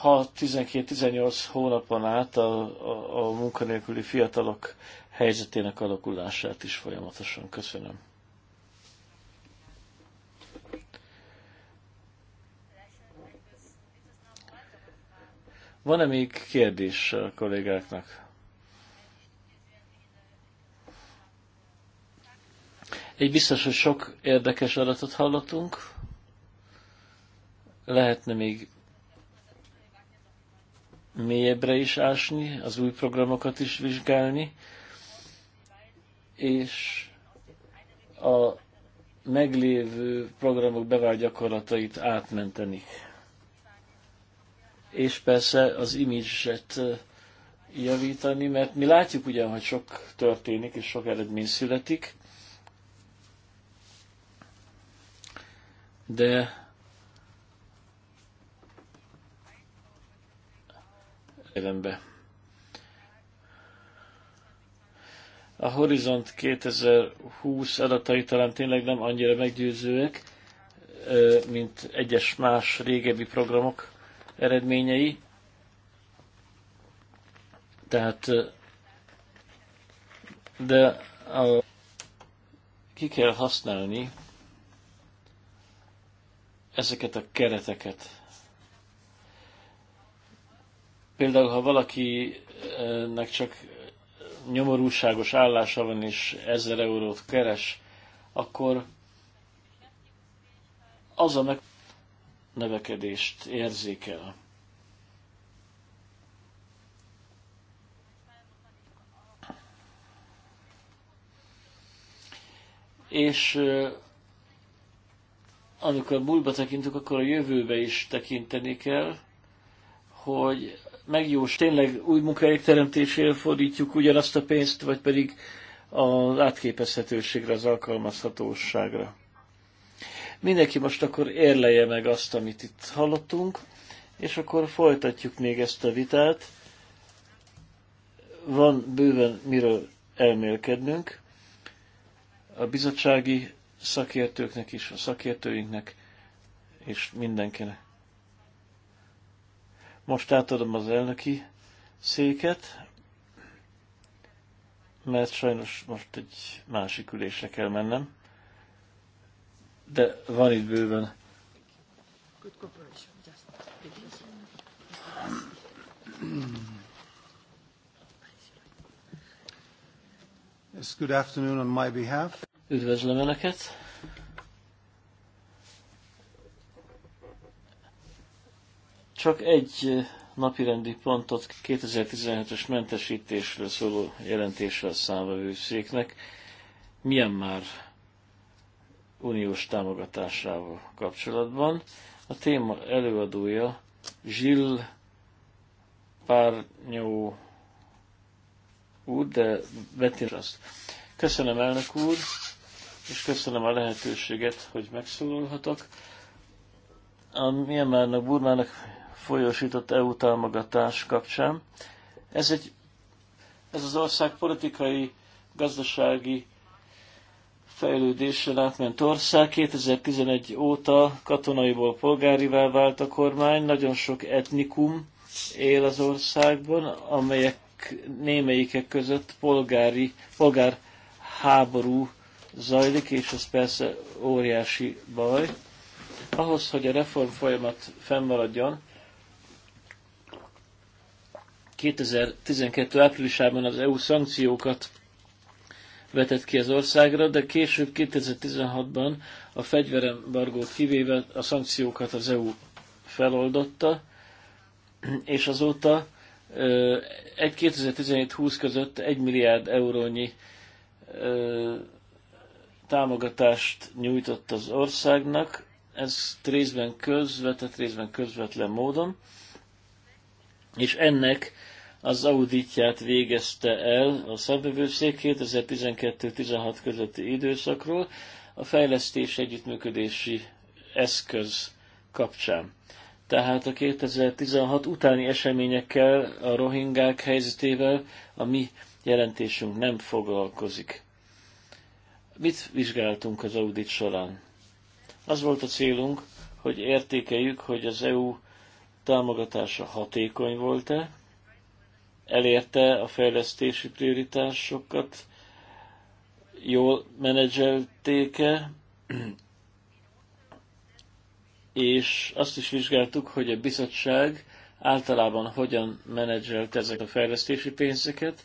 ha 12 18 hónapon át a, a, a munkanélküli fiatalok helyzetének alakulását is folyamatosan. Köszönöm. Van-e még kérdés a kollégáknak? Egy biztos, hogy sok érdekes adatot hallottunk. Lehetne még mélyebbre is ásni, az új programokat is vizsgálni, és a meglévő programok bevált gyakorlatait átmenteni és persze az imidzset javítani, mert mi látjuk ugyan, hogy sok történik, és sok eredmény születik, de elembe. A Horizont 2020 adatai talán tényleg nem annyira meggyőzőek, mint egyes más régebbi programok eredményei. Tehát, de a, ki kell használni ezeket a kereteket. Például, ha valakinek csak nyomorúságos állása van és 1000 eurót keres, akkor az a meg növekedést érzékel. És amikor múltba tekintünk, akkor a jövőbe is tekinteni kell, hogy megjós tényleg új munkahelyek teremtésére fordítjuk ugyanazt a pénzt, vagy pedig az átképezhetőségre, az alkalmazhatóságra. Mindenki most akkor érleje meg azt, amit itt hallottunk, és akkor folytatjuk még ezt a vitát. Van bőven miről elmélkednünk. A bizottsági szakértőknek is, a szakértőinknek, és mindenkinek. Most átadom az elnöki széket, mert sajnos most egy másik ülésre kell mennem de van itt bőven. Yes, good afternoon on my behalf. Üdvözlöm Önöket! Csak egy napirendi pontot 2017-es mentesítésről szóló jelentésre a őszéknek. Milyen már uniós támogatásával kapcsolatban. A téma előadója Zsill Párnyó úr, de Betty azt. Köszönöm elnök úr, és köszönöm a lehetőséget, hogy megszólalhatok. A Myanmarnak, Burmának folyósított EU támogatás kapcsán. Ez, egy, ez az ország politikai, gazdasági fejlődésen átment ország. 2011 óta katonaiból polgárivá vált a kormány, nagyon sok etnikum él az országban, amelyek némelyikek között polgári, polgár háború zajlik, és ez persze óriási baj. Ahhoz, hogy a reform folyamat fennmaradjon, 2012. áprilisában az EU szankciókat vetett ki az országra, de később 2016-ban a fegyverembargót kivéve a szankciókat az EU feloldotta, és azóta egy 2017-20 között 1 milliárd eurónyi támogatást nyújtott az országnak, ez részben közvetett, részben közvetlen módon, és ennek az auditját végezte el a szembevőszék 2012-16 közötti időszakról a fejlesztés együttműködési eszköz kapcsán. Tehát a 2016 utáni eseményekkel, a rohingák helyzetével a mi jelentésünk nem foglalkozik. Mit vizsgáltunk az audit során? Az volt a célunk, hogy értékeljük, hogy az EU támogatása hatékony volt-e, elérte a fejlesztési prioritásokat, jól menedzselték-e, és azt is vizsgáltuk, hogy a bizottság általában hogyan menedzselt ezek a fejlesztési pénzeket,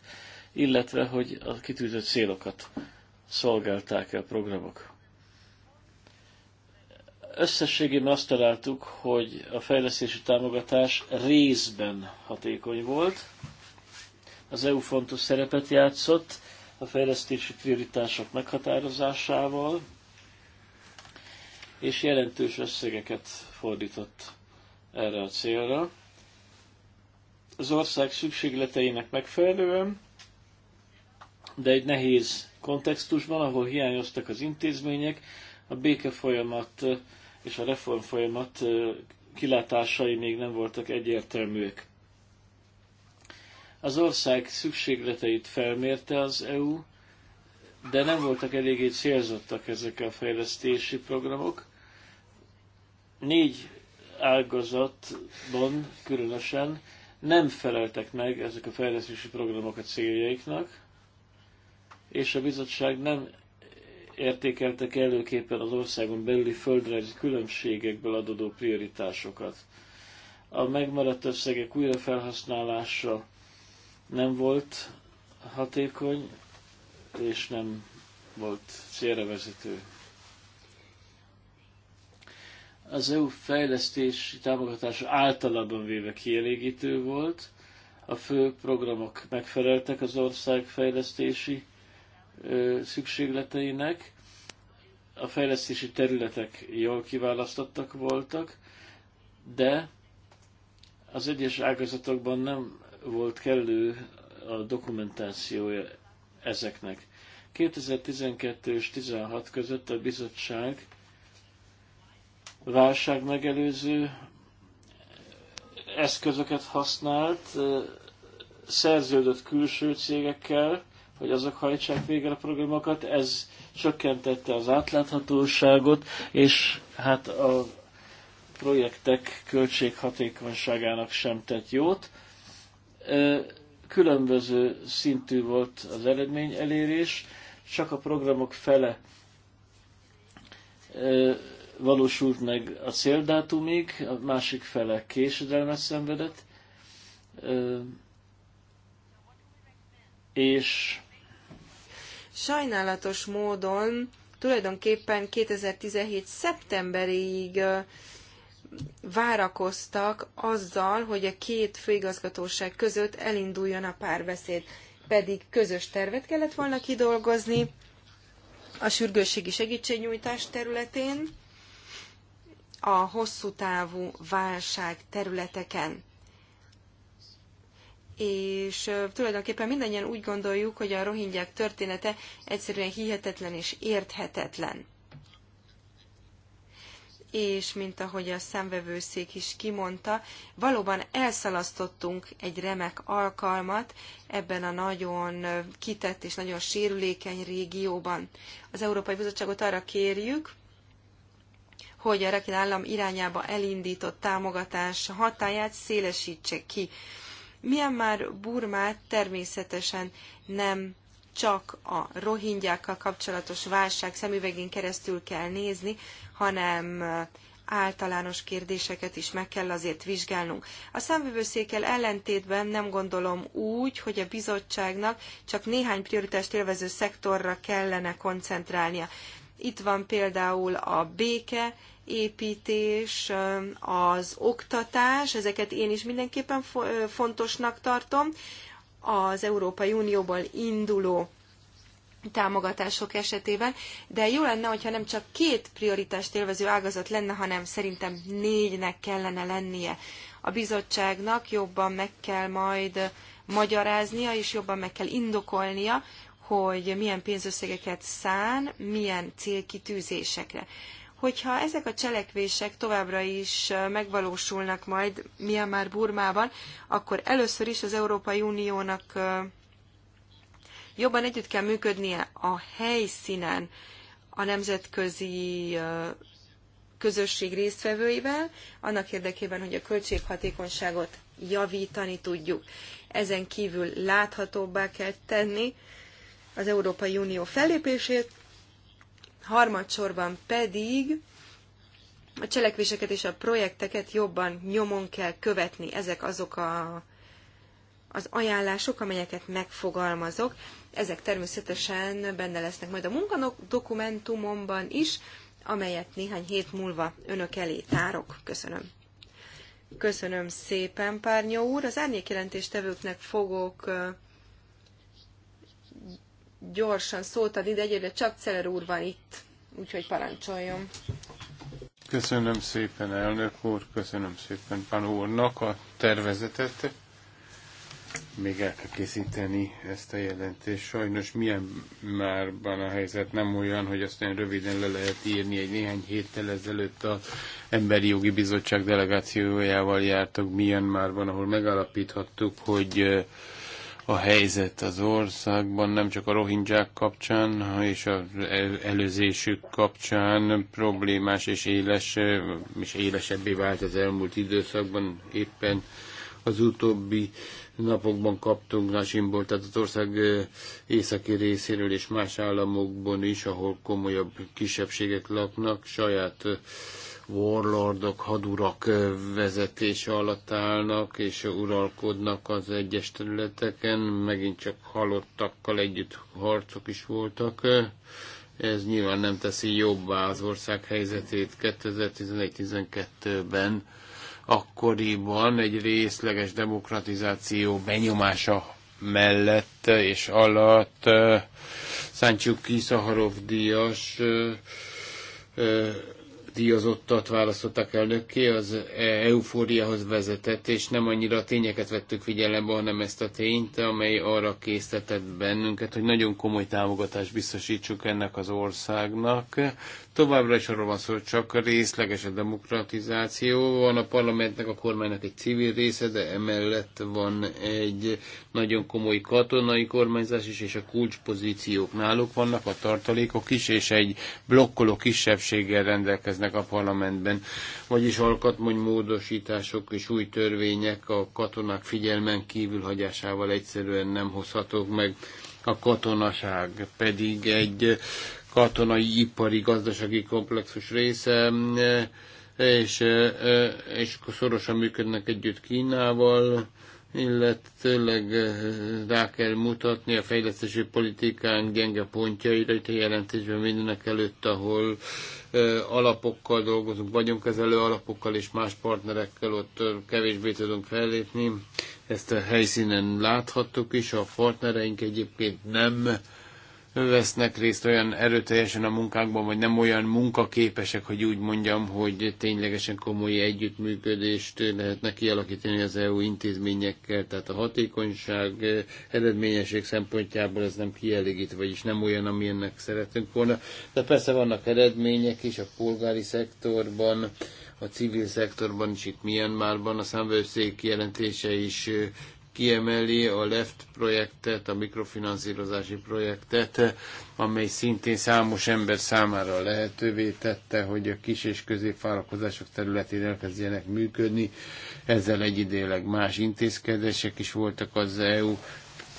illetve hogy a kitűzött célokat szolgálták-e a programok. Összességében azt találtuk, hogy a fejlesztési támogatás részben hatékony volt, az EU fontos szerepet játszott a fejlesztési prioritások meghatározásával, és jelentős összegeket fordított erre a célra. Az ország szükségleteinek megfelelően, de egy nehéz kontextusban, ahol hiányoztak az intézmények, a béke folyamat eh, és a reform folyamat eh, kilátásai még nem voltak egyértelműek. Az ország szükségleteit felmérte az EU, de nem voltak eléggé célzottak ezek a fejlesztési programok. Négy ágazatban különösen nem feleltek meg ezek a fejlesztési programok a céljaiknak, és a bizottság nem értékeltek előképpen az országon belüli földrajzi különbségekből adódó prioritásokat. A megmaradt összegek újrafelhasználása nem volt hatékony, és nem volt célrevezető. Az EU fejlesztési támogatása általában véve kielégítő volt, a fő programok megfeleltek az ország fejlesztési szükségleteinek, a fejlesztési területek jól kiválasztottak voltak, de az egyes ágazatokban nem volt kellő a dokumentációja ezeknek. 2012 és 16 között a bizottság válság megelőző eszközöket használt, szerződött külső cégekkel, hogy azok hajtsák végre a programokat, ez csökkentette az átláthatóságot, és hát a projektek költséghatékonyságának sem tett jót. Különböző szintű volt az eredmény elérés, csak a programok fele valósult meg a céldátumig, a másik fele késedelmet szenvedett, és sajnálatos módon tulajdonképpen 2017. szeptemberéig várakoztak azzal, hogy a két főigazgatóság között elinduljon a párbeszéd, pedig közös tervet kellett volna kidolgozni a sürgősségi segítségnyújtás területén, a hosszú távú válság területeken. És tulajdonképpen mindannyian úgy gondoljuk, hogy a rohingyák története egyszerűen hihetetlen és érthetetlen és mint ahogy a szemvevőszék is kimondta, valóban elszalasztottunk egy remek alkalmat ebben a nagyon kitett és nagyon sérülékeny régióban. Az Európai Bizottságot arra kérjük, hogy a Rakin állam irányába elindított támogatás hatáját szélesítse ki. Milyen már Burmát természetesen nem csak a rohingyákkal kapcsolatos válság szemüvegén keresztül kell nézni, hanem általános kérdéseket is meg kell azért vizsgálnunk. A számvevőszékkel ellentétben nem gondolom úgy, hogy a bizottságnak csak néhány prioritást élvező szektorra kellene koncentrálnia. Itt van például a béke, építés, az oktatás, ezeket én is mindenképpen fontosnak tartom az Európai Unióból induló támogatások esetében, de jó lenne, hogyha nem csak két prioritást élvező ágazat lenne, hanem szerintem négynek kellene lennie. A bizottságnak jobban meg kell majd magyaráznia, és jobban meg kell indokolnia, hogy milyen pénzösszegeket szán, milyen célkitűzésekre. Hogyha ezek a cselekvések továbbra is megvalósulnak majd Myanmar Burmában, akkor először is az Európai Uniónak jobban együtt kell működnie a helyszínen a nemzetközi közösség résztvevőivel, annak érdekében, hogy a költséghatékonyságot javítani tudjuk. Ezen kívül láthatóbbá kell tenni az Európai Unió fellépését, harmadsorban pedig a cselekvéseket és a projekteket jobban nyomon kell követni. Ezek azok a, az ajánlások, amelyeket megfogalmazok. Ezek természetesen benne lesznek majd a munkadokumentumomban is, amelyet néhány hét múlva önök elé tárok. Köszönöm. Köszönöm szépen, Párnyó úr. Az árnyékjelentéstevőknek fogok gyorsan szót adni, de egyébként csak Celer úr van itt, úgyhogy parancsoljon. Köszönöm szépen, elnök úr, köszönöm szépen Pan úrnak a tervezetet. Még el kell készíteni ezt a jelentést. Sajnos milyen márban a helyzet nem olyan, hogy azt olyan röviden le lehet írni. Egy néhány héttel ezelőtt a Emberi Jogi Bizottság delegációjával jártak milyen márban, ahol megállapíthattuk, hogy a helyzet az országban, nem csak a rohingyák kapcsán és az előzésük kapcsán problémás és éles, és élesebbé vált az elmúlt időszakban. Éppen az utóbbi napokban kaptunk Nasimból, tehát az ország északi részéről és más államokban is, ahol komolyabb kisebbségek laknak, saját warlordok, hadurak vezetése alatt állnak és uralkodnak az egyes területeken, megint csak halottakkal együtt harcok is voltak. Ez nyilván nem teszi jobbá az ország helyzetét 2011-12-ben. Akkoriban egy részleges demokratizáció benyomása mellett és alatt Száncsuk Kiszaharov díjas díjazottat választottak elnökké, az eufóriához vezetett, és nem annyira a tényeket vettük figyelembe, hanem ezt a tényt, amely arra késztetett bennünket, hogy nagyon komoly támogatást biztosítsuk ennek az országnak. Továbbra is arról van szó, hogy csak részleges a demokratizáció. Van a parlamentnek, a kormánynak egy civil része, de emellett van egy nagyon komoly katonai kormányzás is, és a kulcspozíciók náluk vannak, a tartalékok is, és egy blokkoló kisebbséggel rendelkeznek a parlamentben. Vagyis alkatmony módosítások és új törvények a katonák figyelmen kívül hagyásával egyszerűen nem hozhatók meg a katonaság pedig egy katonai, ipari, gazdasági komplexus része, és, és szorosan működnek együtt Kínával, illetőleg rá kell mutatni a fejlesztési politikán gyenge pontjaira, itt a jelentésben mindenek előtt, ahol alapokkal dolgozunk, vagyunk kezelő alapokkal és más partnerekkel ott kevésbé tudunk fellépni. Ezt a helyszínen láthattuk is, a partnereink egyébként nem vesznek részt olyan erőteljesen a munkákban, vagy nem olyan munkaképesek, hogy úgy mondjam, hogy ténylegesen komoly együttműködést lehetne kialakítani az EU intézményekkel, tehát a hatékonyság, eh, eredményesség szempontjából ez nem kielégít, vagyis nem olyan, amilyennek szeretünk volna. De persze vannak eredmények is a polgári szektorban, a civil szektorban is, itt Myanmarban a számvevőszék jelentése is eh, kiemeli a LEFT projektet, a mikrofinanszírozási projektet, amely szintén számos ember számára lehetővé tette, hogy a kis és középvállalkozások területén elkezdjenek működni. Ezzel egyidéleg más intézkedések is voltak az EU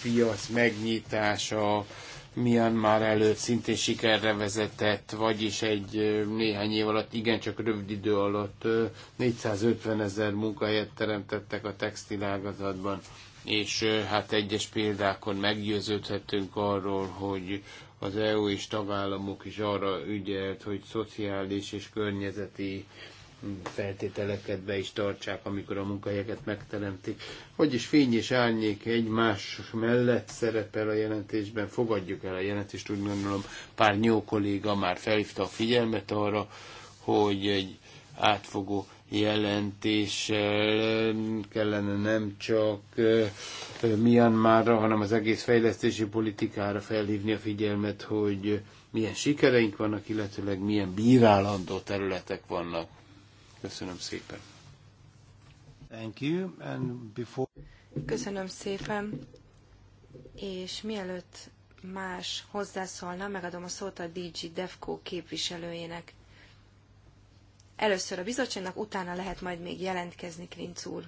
piac megnyitása, Myanmar előtt szintén sikerre vezetett, vagyis egy néhány év alatt, igencsak rövid idő alatt 450 ezer munkahelyet teremtettek a textilágazatban és hát egyes példákon meggyőződhetünk arról, hogy az EU és tagállamok is arra ügyelt, hogy szociális és környezeti feltételeket be is tartsák, amikor a munkahelyeket megteremtik. Hogy is fény és árnyék egymás mellett szerepel a jelentésben, fogadjuk el a jelentést, úgy gondolom pár nyó kolléga már felhívta a figyelmet arra, hogy egy átfogó jelentéssel kellene nem csak Myanmarra, hanem az egész fejlesztési politikára felhívni a figyelmet, hogy milyen sikereink vannak, illetőleg milyen bírálandó területek vannak. Köszönöm szépen. Thank you. And before... Köszönöm szépen. És mielőtt más hozzászólna, megadom a szót a DG DEFCO képviselőjének. Először a bizottságnak, utána lehet majd még jelentkezni, Klinc úr.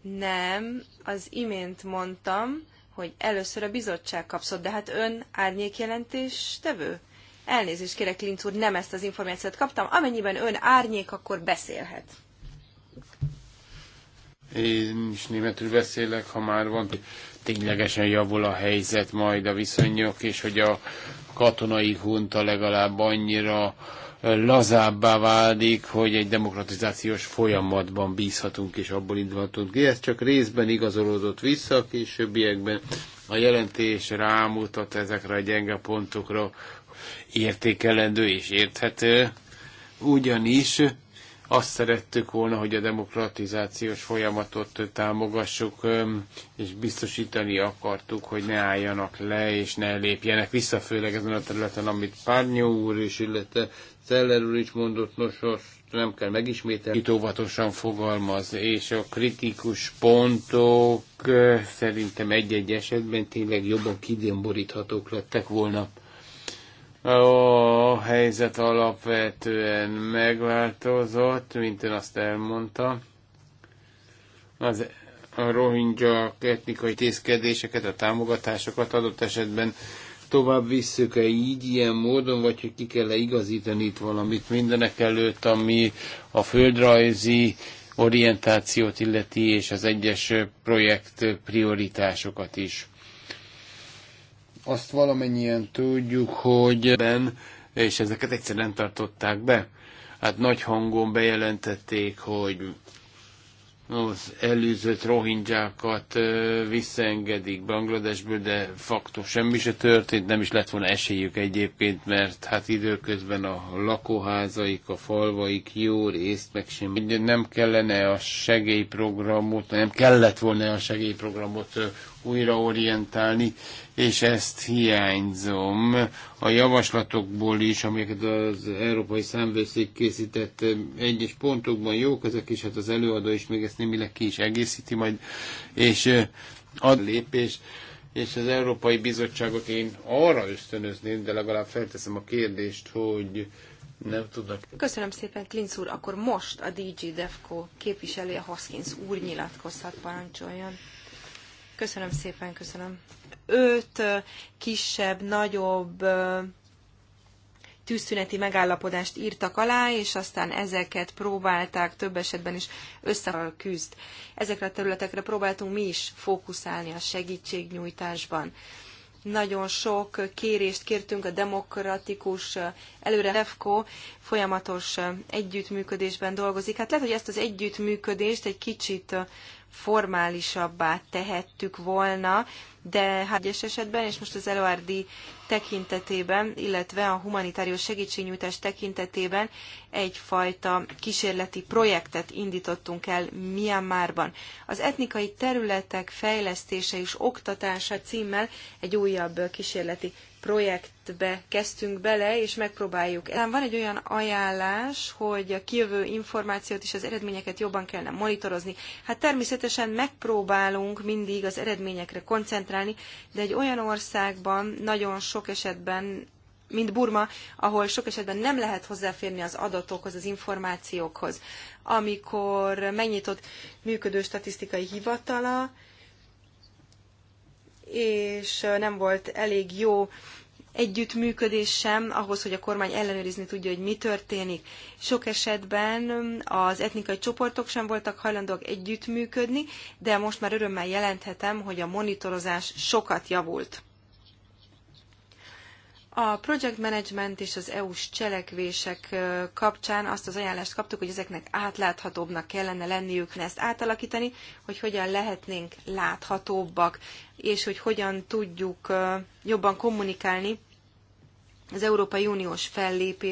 Nem, az imént mondtam, hogy először a bizottság kapszott, de hát ön árnyékjelentés tevő? Elnézést kérek, Klinc úr, nem ezt az információt kaptam. Amennyiben ön árnyék, akkor beszélhet. Én is németül beszélek, ha már van. Ténylegesen javul a helyzet majd a viszonyok, és hogy a katonai hunta legalább annyira lazábbá válik, hogy egy demokratizációs folyamatban bízhatunk és abból indulhatunk ki. Ez csak részben igazolódott vissza a későbbiekben. A jelentés rámutat ezekre a gyenge pontokra értékelendő és érthető, ugyanis azt szerettük volna, hogy a demokratizációs folyamatot támogassuk, és biztosítani akartuk, hogy ne álljanak le, és ne lépjenek vissza, főleg ezen a területen, amit Párnyó úr is, illetve Celler úr is mondott, nos, azt nem kell megismételni. Itt óvatosan fogalmaz, és a kritikus pontok szerintem egy-egy esetben tényleg jobban kidémboríthatók lettek volna. A helyzet alapvetően megváltozott, mint ön azt elmondta. Az a rohingya etnikai tészkedéseket, a támogatásokat adott esetben tovább visszük-e így, ilyen módon, vagy hogy ki kell -e igazítani itt valamit mindenek előtt, ami a földrajzi orientációt illeti, és az egyes projekt prioritásokat is azt valamennyien tudjuk, hogy ben, és ezeket nem tartották be. Hát nagy hangon bejelentették, hogy az előzött rohingyákat visszaengedik Bangladesből, de faktus semmi se történt, nem is lett volna esélyük egyébként, mert hát időközben a lakóházaik, a falvaik jó részt meg sem. Nem kellene a segélyprogramot, nem kellett volna a segélyprogramot újraorientálni, és ezt hiányzom a javaslatokból is, amiket az Európai Számvőszék készített. Egyes pontokban jók ezek is, hát az előadó is még ezt némileg ki is egészíti majd, és ad lépés és az Európai Bizottságot én arra ösztönözném, de legalább felteszem a kérdést, hogy nem tudnak. Köszönöm szépen, Klinc úr. Akkor most a DG Defco képviselője Hoskins úr nyilatkozhat, parancsoljon. Köszönöm szépen, köszönöm. Öt kisebb, nagyobb tűzszüneti megállapodást írtak alá, és aztán ezeket próbálták több esetben is összeküzd. Ezekre a területekre próbáltunk mi is fókuszálni a segítségnyújtásban. Nagyon sok kérést kértünk a demokratikus előre Lefko folyamatos együttműködésben dolgozik. Hát lehet, hogy ezt az együttműködést egy kicsit formálisabbá tehettük volna, de hát egyes esetben, és most az LORD tekintetében, illetve a humanitárius segítségnyújtás tekintetében egyfajta kísérleti projektet indítottunk el Myanmarban. Az etnikai területek fejlesztése és oktatása címmel egy újabb kísérleti projektbe kezdtünk bele, és megpróbáljuk. Talán van egy olyan ajánlás, hogy a kijövő információt és az eredményeket jobban kellene monitorozni. Hát természetesen megpróbálunk mindig az eredményekre koncentrálni, de egy olyan országban nagyon sok esetben mint Burma, ahol sok esetben nem lehet hozzáférni az adatokhoz, az információkhoz. Amikor megnyitott működő statisztikai hivatala, és nem volt elég jó együttműködés sem ahhoz, hogy a kormány ellenőrizni tudja, hogy mi történik. Sok esetben az etnikai csoportok sem voltak hajlandóak együttműködni, de most már örömmel jelenthetem, hogy a monitorozás sokat javult. A project management és az EU-s cselekvések kapcsán azt az ajánlást kaptuk, hogy ezeknek átláthatóbbnak kellene lenniük, ezt átalakítani, hogy hogyan lehetnénk láthatóbbak, és hogy hogyan tudjuk jobban kommunikálni az Európai Uniós fellépés